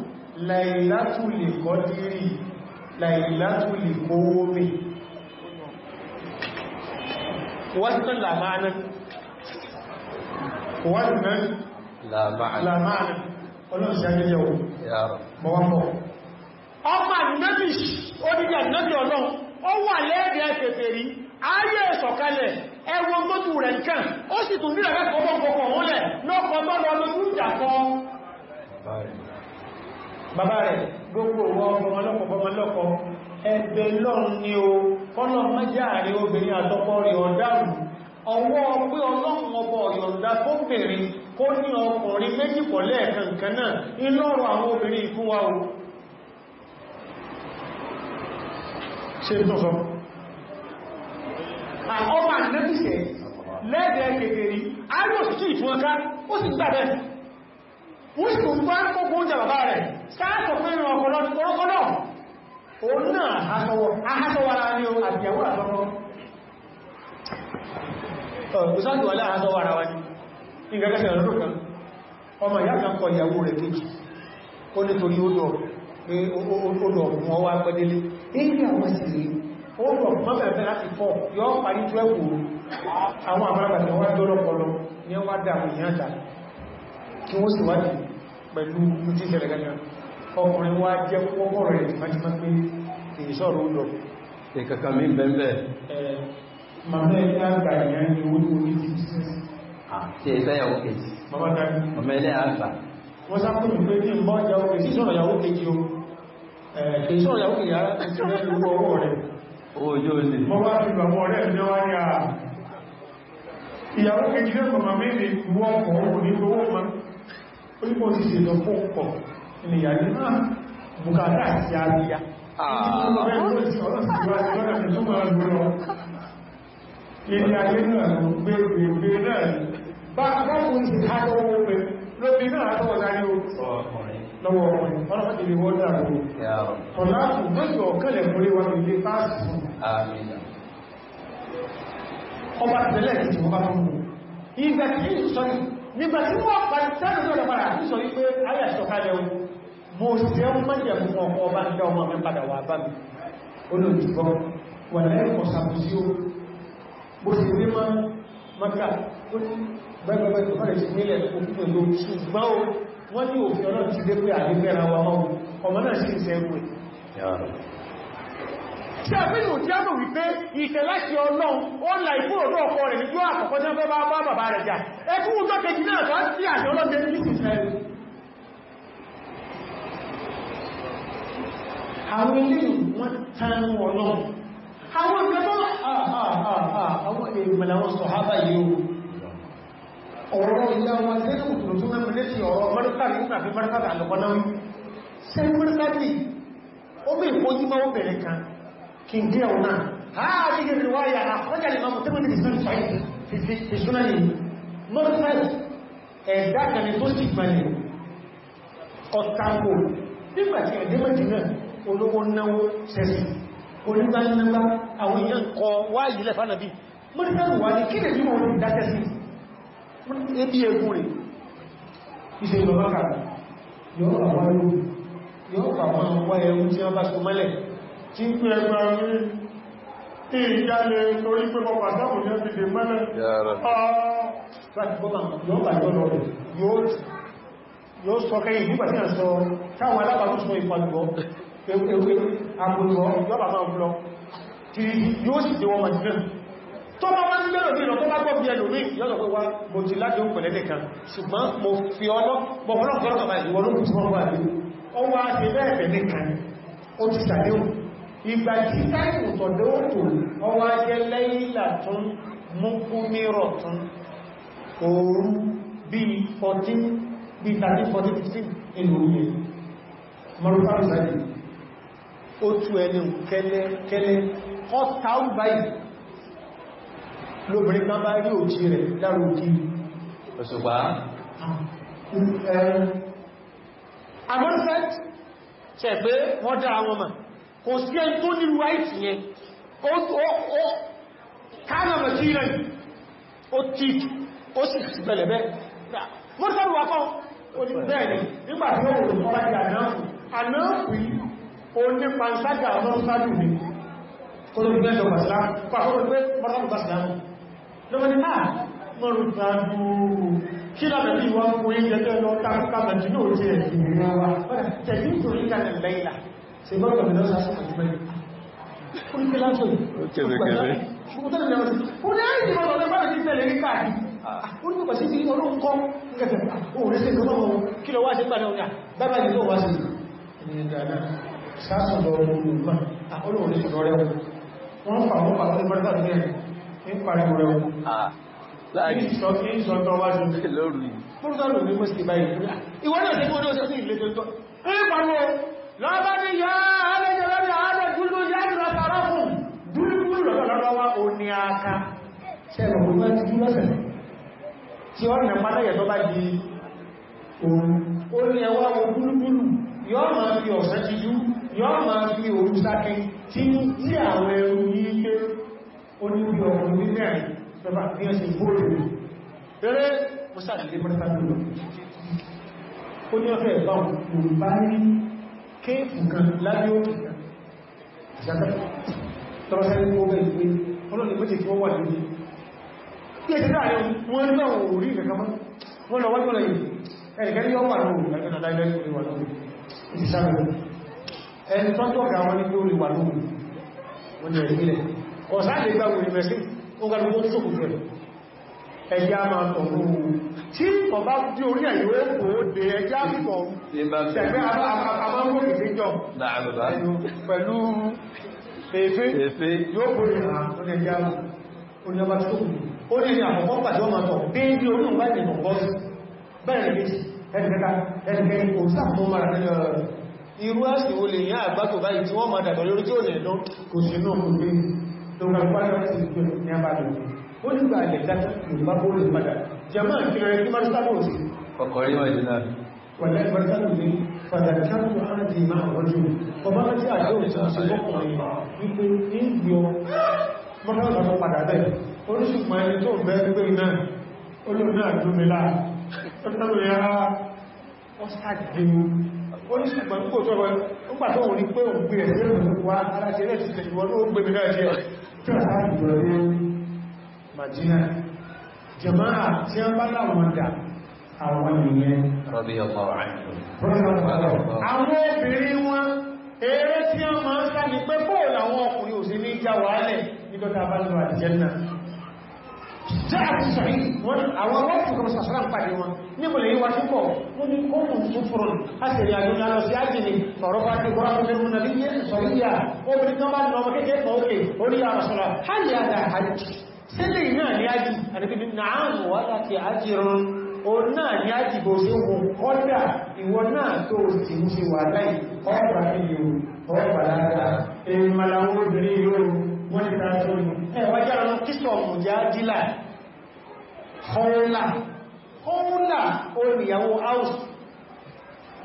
làìlátùlè kọ́dírì làìlátùlè kówómi wannan lamanin wannan lamanin ọlọ́run sí ajé yau mọ́wọ́mọ́ ọmọ annabi onígbà annabi ọlọ́run ó wà lẹ́ẹ̀dẹ̀ pẹ̀pẹ̀rí ayé sọ̀kalẹ̀ ẹwọ mọ́tù rẹ̀ nǹkan ó sì tún rí ẹ̀rẹ́ kọ́kọ́ kọ́kọ́ wọ́n lẹ̀ lọ́kọ́ mọ́lọ́lọ́dún ìjàkọ́ bàbá rẹ̀ gbogbo wọ́n ọmọlọ́pọ̀ ẹgbẹ̀ lọ́n ni o kọ́nà mẹ́jà rí obìnrin àtọ́pọ̀ rí ọ̀dáàrù ọwọ́ pé ọlọ́run ọbọ̀ yọ̀ǹda tó bèèrè kó ní ọkùnrin méjì pọ̀ lẹ́ẹ̀kankan náà ilọ́rọ̀ àwọn obìnrin fún wa o ṣe tó sọ ọmọ àdínẹ́bìsẹ̀ lẹ́ẹ̀dẹ̀ẹ́kẹ̀ẹ́rí ayọ́ sí ìfún ọká wọ́n sì tó bá kọ́kọ́ oúnjẹ bàbá rẹ̀ sáàtọ̀ pé ìrìn ọkọ̀ lọ́dún kọ́rọ́kọ́ náà òun náà ahásọwara ní o àbíyàwó àtọ́kọ́ ọ̀gbùsáàtì wà láàásọwara wájú ìgbẹ́gbẹ́sẹ̀ ọdún kan ọmọ ìyá kan kọ ìyàwó rẹ̀ kejì ó nítorí odò ọmọ wa pẹ́délé nígbà àwọn sì rí odò mọ́bẹ̀ẹ̀fẹ́ láti fọ́ yọ́ parí 12 àwọn àbárabàtà wọ́n tó lọ́pọ̀lọ́ ní wá dàmù ìyáta kí wọ́n sì wádìí pẹ̀lú tí ìṣẹ̀lẹ̀ gangan ọkùnrin wá jẹ́ pọ́pọ̀ rẹ̀ májímá pé kìí sọ́rọ̀ lọ ìkàkà mi bẹ̀m̀bẹ̀ màmá ẹ̀yà àgbà ìyàn ni ó ní orí ìyàwó kejì lẹ́gbọ̀n màmí ni wọ́n kọ̀ọ̀rọ̀ ní owó màmí orípò ti ṣe lọ fún pọ̀ ilẹ̀ yàrí náà bukata àti àríyá ilẹ̀ ayé náà ló gbé gbé náà bá kọ́kùn sí àtọwọ́ pẹ̀ lóbi náà àtọwọ́ láyé o lọ́wọ́ ọmọdé ọlọ́pàá ilé wọ́n dáa lórí ọ̀láàkùn mẹ́jọ ọ̀kẹ́lẹ̀ múrí wọn ilé fásitì fún ọba tẹ́lẹ̀ tí wọ́n bá fún mú ìgbà tí ìsọ́nì nígbàtí wọ́n pa ìtẹ́rù lọ́rọ̀ padà tí sọ wípé ayà ṣọ̀kalẹ̀ ohun mo ṣe ń mọ́jẹ̀ fún ọkọ̀ ọba ń dá ọmọ mi padà wà bá mi olóòjúgbọ́ wà lẹ́ẹ̀kọ́ sàbùsí ó bó ṣe rí mọ́ mọ́ká ó ní bẹ́gbẹ̀gbẹ̀ tí a fínú tí a mọ̀ wípé ìtẹ̀láṣì ọlọ́run ó là ìkúrò náà kọ rẹ̀ níjọ́ àkọ́kọ́ jẹ́ bọ́ bá bàbá rẹ̀ jà ẹkùn tó kejì náà tó sí àjọ ọlọ́gbẹ́ kan كنجية هنا هذه الرواية أخرج الإمام الترمذي في سنن صحيح في سنن مرسل ذاك من توسيف مالي ọ̀tàkò nígbàtí ẹ̀dẹ́mẹ̀dì náà olówó náwó sẹ́sì onígbànínáwà àwọn èèyàn kọ wá ìlẹ̀ fánàbí mọ́dínlẹ́rù wà ní kílẹ̀ yíò orí dákẹ́sì ẹbí egun rẹ̀ ìṣẹ́ ìlọ́bákà yọ́ àwọn ẹrù tí wọ́n bá so mẹ́lẹ̀ tí ń pé ẹgbẹ́ orí ìjáde torí pé ah, bọ́ pàtàkù ní ẹgbẹ̀dẹ̀ mẹ́lẹ̀ yóò sọ kẹ́yìn nígbàtí à ń sọ káwọn alábàtúsọ ìpàdùgbọ́ ewé agbòrò yọ́bà máa gbọ́ tí yóò sì dé wọn màjílẹ̀ tó bá wọ́n nílẹ̀ òní lọ tó bá gbọ́ bí ẹlòmí yọ́dọ̀ pé wá mo ti láti ó pẹ̀lẹ́dẹ̀ kan ṣùgbọ́n mo fi ọlọ́ ìgbà tí táìmù tọ̀dọ̀ òkú ọwọ́ ajẹ́ lẹ́yìnlá tún mú kú mírọ̀ tún òru bí 14 bí 13 14 15 inú orílẹ̀ mọ̀rúfàrí sáyé ó tú ẹni kẹlẹ̀kẹlẹ̀ ọ́tàú báyìí lóbìnrin kan bá rí òjì rẹ̀ láàrù kí ọ̀sọ̀gbà àmọ́sẹ́ pé wọ́n dá àwọn mọ̀ kò sí ẹni tó nílùú àìsì yẹn ó kánàmà sí rẹ̀ ó tí ó sì bẹ̀lẹ̀bẹ̀ wọ́n sọ́rọ̀ wà kan ó ní bẹ́ẹ̀ni nígbàtí ó rò mọ́ra ní àdáhùn àdáhùn ó ní pàǹságà ọlọ́run sáájú mi kó ló gbẹ́ lọ bàṣá pàfọ́rọ̀ pé mọ́sánù bàṣá lọ́wọ́ ni náà mọ́rún tàbí kí lábẹ̀ bí wọ́n kó yẹ́ jẹ́ lọ́ta kábẹ̀ tí ó jẹ́ ìrìnwá tẹ̀lú torí kan lẹ́yìnlá sai barka da nasa suka ji bai kun kila to oke da gare ko da ne ko da ne ba da ba da kin da ne ka ni kun ba sai ni Ọlọ́run ko ga ga o re sai gaba o kilo wa sai ba da ona ba ba ni ko wa sai ni da na sa so do mu ma a Ọlọ́run ni so re wọ́n fa mo pa ko ba da ni ni pa ni re ah láàrin ìṣọ́kí ìṣọ́tọ́ wájú lórí. Mọ́rútọ́lù ní mọ́sí báyìí. Ìwọ́n náà tí kó ní ọjọ́ sí ìlẹ́jọ́ tó. Ẹ pàmọ́ lọ́bá ni yá alẹ́jẹ́ lọ́bí àádọ́ gúlú yájúra farakùn gúlúgúlú lọ́lọ́lọ́wọ́ o ní aka ṣẹlẹ̀ òun ti gúlọ́ sẹ̀lẹ̀ tí ó nà mọ́lẹ́yẹ̀ tó bá di òun ó ní ẹwà wo gúlúgúlú yọ́ ma fi ọ̀sẹ́ ti jú yọ́ ma fi òun sáké tí tí àwọn ẹrù ní ilé ó ní bí ọkùnrin ní mẹ́rin lọ́bá ó ní ọ̀fẹ́ ìbáwọn òun bá ní kéèkù kan lábí òkè kan ìṣàkà tọ́rọsẹ́lẹ̀ ní ọgbẹ̀ ìwé olóòdì méjì tí wọ́n wà lórí ilé ti dáa wọ́n ní àwọn orí ìrẹ̀kọ́ wọ́n lọ wájú lẹ́yìn ẹ̀rẹ̀kẹ́ ní ọwà lóòrùn lẹ́gbẹ̀ẹ́ adájọ́ ìwà lóòrùn ìṣàkà ẹni tọ́jọ́ ga wọn ní pé ó lè wà lóòrùn wọ́n lè rí ilẹ̀ ọ̀sáàdì gbàgbò ìrẹsí ó gbàgbò ó sókùnfẹ́ ẹjá máa tọ̀rọ̀ tí ọba bí orí ẹ̀yìn ó kò ó dé ẹjá pọ̀ tẹ̀gbẹ́ abáwọ́rì níjọ pẹ̀lú èfé yóò kò rí ọjọ́ oníyàbá tó ó ní ní àkọ́kọ́ pàtí ọmọ tọ̀ bí i orí òun láti mọ̀ bọ́sí bẹ́ẹ̀ méjì ẹgbẹ̀ta ẹgbẹ̀rin kò sáàmù mara nílẹ̀ ọ̀rọ̀ irú àṣì olè ní àgbàtò báyìí tí wọ́n máa dàgbà lórí tí ó nẹ̀ lọ kò sí náà kò gbé tó gbàgbàgbà ti gbẹ̀rẹ̀ ní àbádọ̀ ó nígbà àlẹ̀ dájú ìrùbá bóòlù padà jama kìrẹ̀ kí máa sábò sí ọkọ̀rí mẹ́jìlá wọ̀lẹ́ ìgbẹ̀sánù ní fàtàkàtù àádì máa rọ́jú ọba láti àjọ ìṣàṣẹ́ lọ́kùnrin wípé ní ìgbìyọ mọ́tàlọ́sàmọ́ padà bẹ́ẹ̀ oríṣùpọ̀ ẹni tó bẹ́ gbé náà olóòrùn náà dúnmílá ọ̀tọ́lù ya ọ́sàgbìmú oríṣùpọ̀ ní kò tọ́rọ nígbà tó wù ní pé òun gbé ẹ̀sẹ̀ rẹ̀ wá aláṣẹ́lẹ̀ ti tẹ̀yìnwọ́n ó gbé mi náà jẹ́ jama'a tí a bá láwọn dà àwọn ènìyàn àwọn obìnrin wọn eré tí a máa ń sá ní pé bóò làwọn ọkùnrin ò sí ní já wàálẹ̀ nígbọ́ta bá lọ àjẹ́nà jẹ́ àti sọ̀rí wọn àwọn wọ́pù kọmọ sàṣàrà ń pàdé wọn níbùlẹ̀ yíwa tí pọ̀ wọ́n ni ó mú fún fúrún a sì rí àjò lọ sí ájìnì ọ̀rọ̀ bá ti kọ́rọ̀ sílè náà ní ájì àdìbìnì náàmù wá láti ájìrún o náà ní ájì bó ṣe ìwọ náà tó ti ń ṣe wà láì ọgbà ìlú ọgbà lára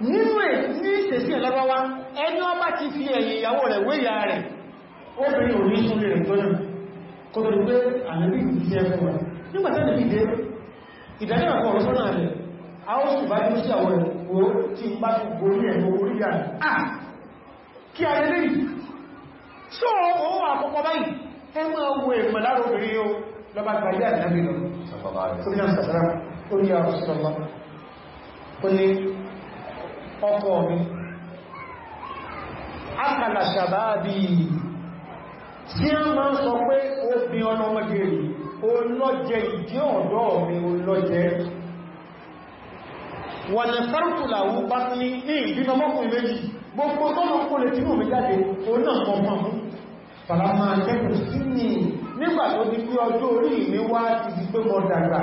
nínú ẹ̀ ní ìṣẹ̀sí ẹni ọba ti fi ẹ̀yìn ìyàwó rẹ̀ wéyà rẹ̀ obìnrin súnlẹ̀ kọ́tọ̀ ní pé ànábì ìfẹ́ fún wa nígbàtí ànábì dé ìdájọ́ àpọ̀ ọ̀rọ̀ sọ́nà rẹ̀ a ó sì bá ní sí àwọn ẹ̀kọ́ tí ń bá tún gorí ẹ̀kọ́ orí yà áà kí a lè rí só owó àkọ́kọ́ báyìí ẹ máa wo èèmọ̀ lára ṣàbáàbì tí a máa sọ pé obìn ọlọ́mọdé rí olójẹ ìdí ọ̀dọ́ mi olójẹ wọ̀n lè fẹ́rùkùlàwó bá ní ìbínú ọmọkùnrin méjì gbogbo tó mọ́ kó lè tí mọ̀ jáde o náà mọ̀ mọ̀ mú fàlámà jẹ́kù sí ní nígbà tó di pé ọjọ́ orí mi wá ti di pé mọ̀ dàgbà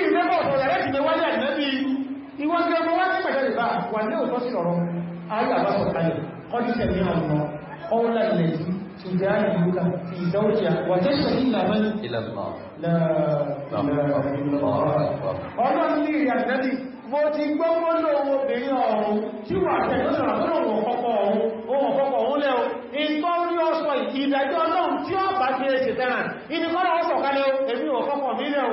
ìrẹ́bọ̀ ọ̀rẹ́ rẹ̀ ti lè wáyé àìlẹ́bí ìwọ́n tí ọmọ wá ní pẹ̀lẹ́ ìbá wà ní òtọ́ sí ọ̀rọ̀ ayàbásọ̀ kalẹ̀ kọ́díṣẹ̀ ní àwọn ọ̀rọ̀ ilẹ̀ tí ìjáyà ìlúkà fi ìdáwòjì àwọn jẹ́sọ̀ ní ìlàmọ́ ọlọ́run ní ìrìnàjẹ́bí mo ti gbọ́ mọ́lọ̀ owó obìnrin ọ̀run tí wà tẹ̀lọ́sọ̀rọ̀ tó lòun ọ̀pọ̀pọ̀ ọ̀run ohun ọ̀pọ̀pọ̀ òun lẹ́ o ìtọ́ rí ọ̀sọ̀ ìdájọ́ ọlọ́run tí ó bá ti ẹ̀ṣẹ̀ tẹ́ràn ìdíkọ́lọ̀ ọ̀sọ̀kalẹ̀ ẹ̀mí ọ̀pọ̀pọ̀ mílẹ̀ o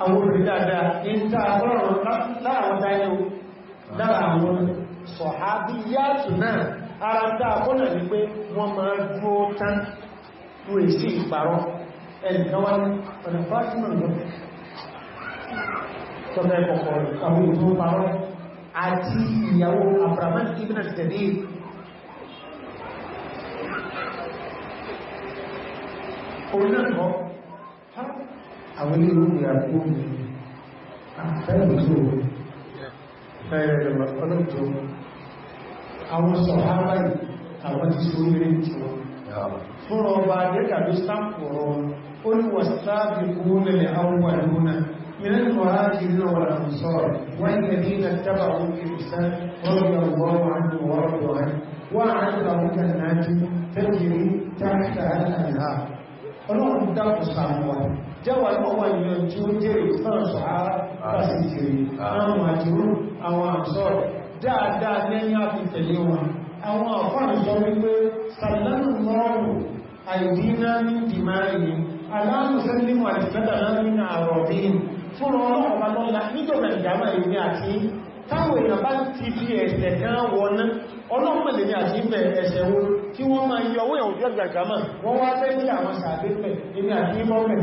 àwọn obìnrin dáadáa in ta ọlọ́rọ̀ láàrín dáyẹ̀ lára àwọn sọ̀hábí yàtù náà ara ń dá àkọ́nà ní pé wọ́n máa dúó tán lóè sí ìparọ́ ẹnìkan wá ní ọ̀nà fásitì lọ tọ́bẹ̀ kọ̀kọ̀ àwọn ilé ìwé àkókò mi fẹ́ẹ̀lú tó fẹ́ẹ̀rẹ̀ lọ ọlọ́tọ̀ àwọn sọ̀hábà àwọn ti sórí rẹ̀ tí wọ́n fúnra ọba adẹ́kà ló sáàpùrọ̀ ó ní wà sáàbì kúrúnlẹ̀ àwọn àdúgbò من المهاجرين والأنصار والذين اتبعوا بإحسان رضي الله عنه ورضوا عنه وأعد لهم جنات تجري تحتها الأنهار. اللهم دعوا صاحبهم jẹ́wà lọ́wọ́ èèyàn tí ó jẹ́ ìfẹ́ràn sọ̀hárá láti jèrè àwọn àjúrú àwọn àṣọ́rọ̀ dáadáa lẹ́yìn àti tẹ̀lé wọn àwọn àfáàrùn sọ wípé sàlẹ́nù lọ́rù àìdínà ní dìmáàrí aláàmùsẹ́lẹ́mù àdìfẹ́dàlá ní àrọ̀bìn fún ọlọ́ọ̀bá lọ́la níjọba ìjàmà èmi àti táwọn èèyàn bá ti fi ẹ̀sẹ̀ kan wọná ọlọ́pẹ̀lẹ̀ ní àti ìbẹ̀ ẹ̀sẹ̀ wo kí wọ́n máa yọwọ́ ẹ̀wọ̀dí wá fẹ́ ní àwọn sàbẹ́fẹ̀ èmi àti ìbọ́fẹ̀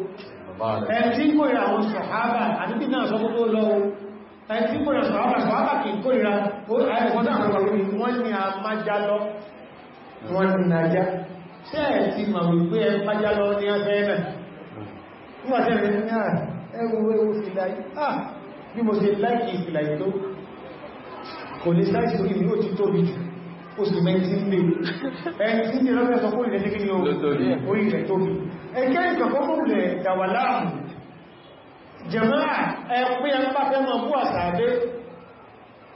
ẹ̀tí kò ìrà àwọn sọ̀hábà àti tí náà sọ́kó tó lọ́wọ́ ẹ̀tí kò ìrà sọ̀hábà sọ̀hábà kì í kò ìrà wọ́n ni a májá lọ wọ́n ni nàjá ṣe ẹ̀tí ma wípé ẹ májá lọ ní ọjọ́ ẹ̀mẹ̀ nígbàtẹ́ rẹ̀ ní ẹwú ah, ẹwú fìlàí ah bí mo ṣe láìkì ìfìlàí tó kò ní sáìsì orí mi ó ti tóbi jù ó sì mẹ́ ẹ̀kẹ́ ìkàkọ́mọ̀lẹ̀ dàwàláàmù jẹ̀máà ẹ̀pẹ́ ẹ̀pàfẹ́ mọ̀ bú àsàdé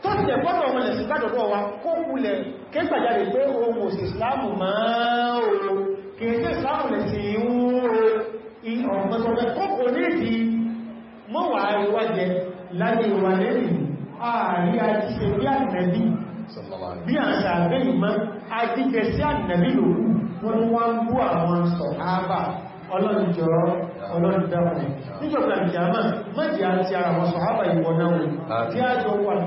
tó ti jẹ̀ pọ́tọ̀ ọmọ lẹ̀sìn gbádọ̀dọ̀ wa kó kulẹ̀ kégbàjáde pé ohun òsì islamu máa oòrò kèèkè islamu lè ti wúrò ọ̀pọ̀sọ̀rọ̀ kókò ní ìdí mọ́wàá àríwájẹ láti ìwà lẹ́rìn ààrí àjíṣẹ́ bí ànẹ́bí bí àṣà àbẹ́ ìmọ́ àjíjẹ sí ànẹ́bí lòrú wọ́n wá ń bú àwọn sọ̀hábà ọlọ́njọ́ ọlọ́ndàmù níjọba ìkìyàmá mọ́jì àti ara wọn sọ̀hábà ìwọ̀náwò tí a jọ wà náà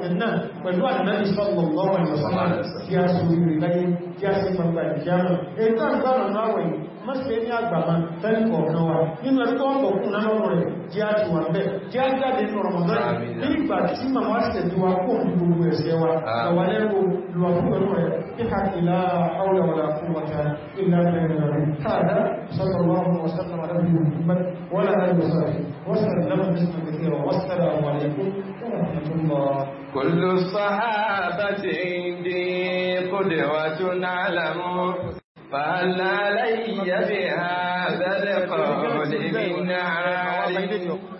pẹ̀lú àdínáàdì sọ́lọ̀lọ́wọ̀n mọ́sílẹ̀ ní àgbàmà tẹ́lẹ̀kọ̀ ọ̀nà wa nínú ẹ̀kọ́ ọ̀pọ̀kún náà wọ́n rẹ̀ jẹ́ àti wà bẹ́ jẹ́ àjáde ní ọ̀rọ̀mọ̀dọ́rẹ̀ nígbà tí màmá ṣẹ̀ tí wà kó ní gbogbo ẹ̀ṣẹ̀ wa àwọn ẹ̀rọ lọ fún ẹ̀rọ rẹ̀ kíkà كل الصحابه عندي قدوه على فهل علي بهذا القول من عالم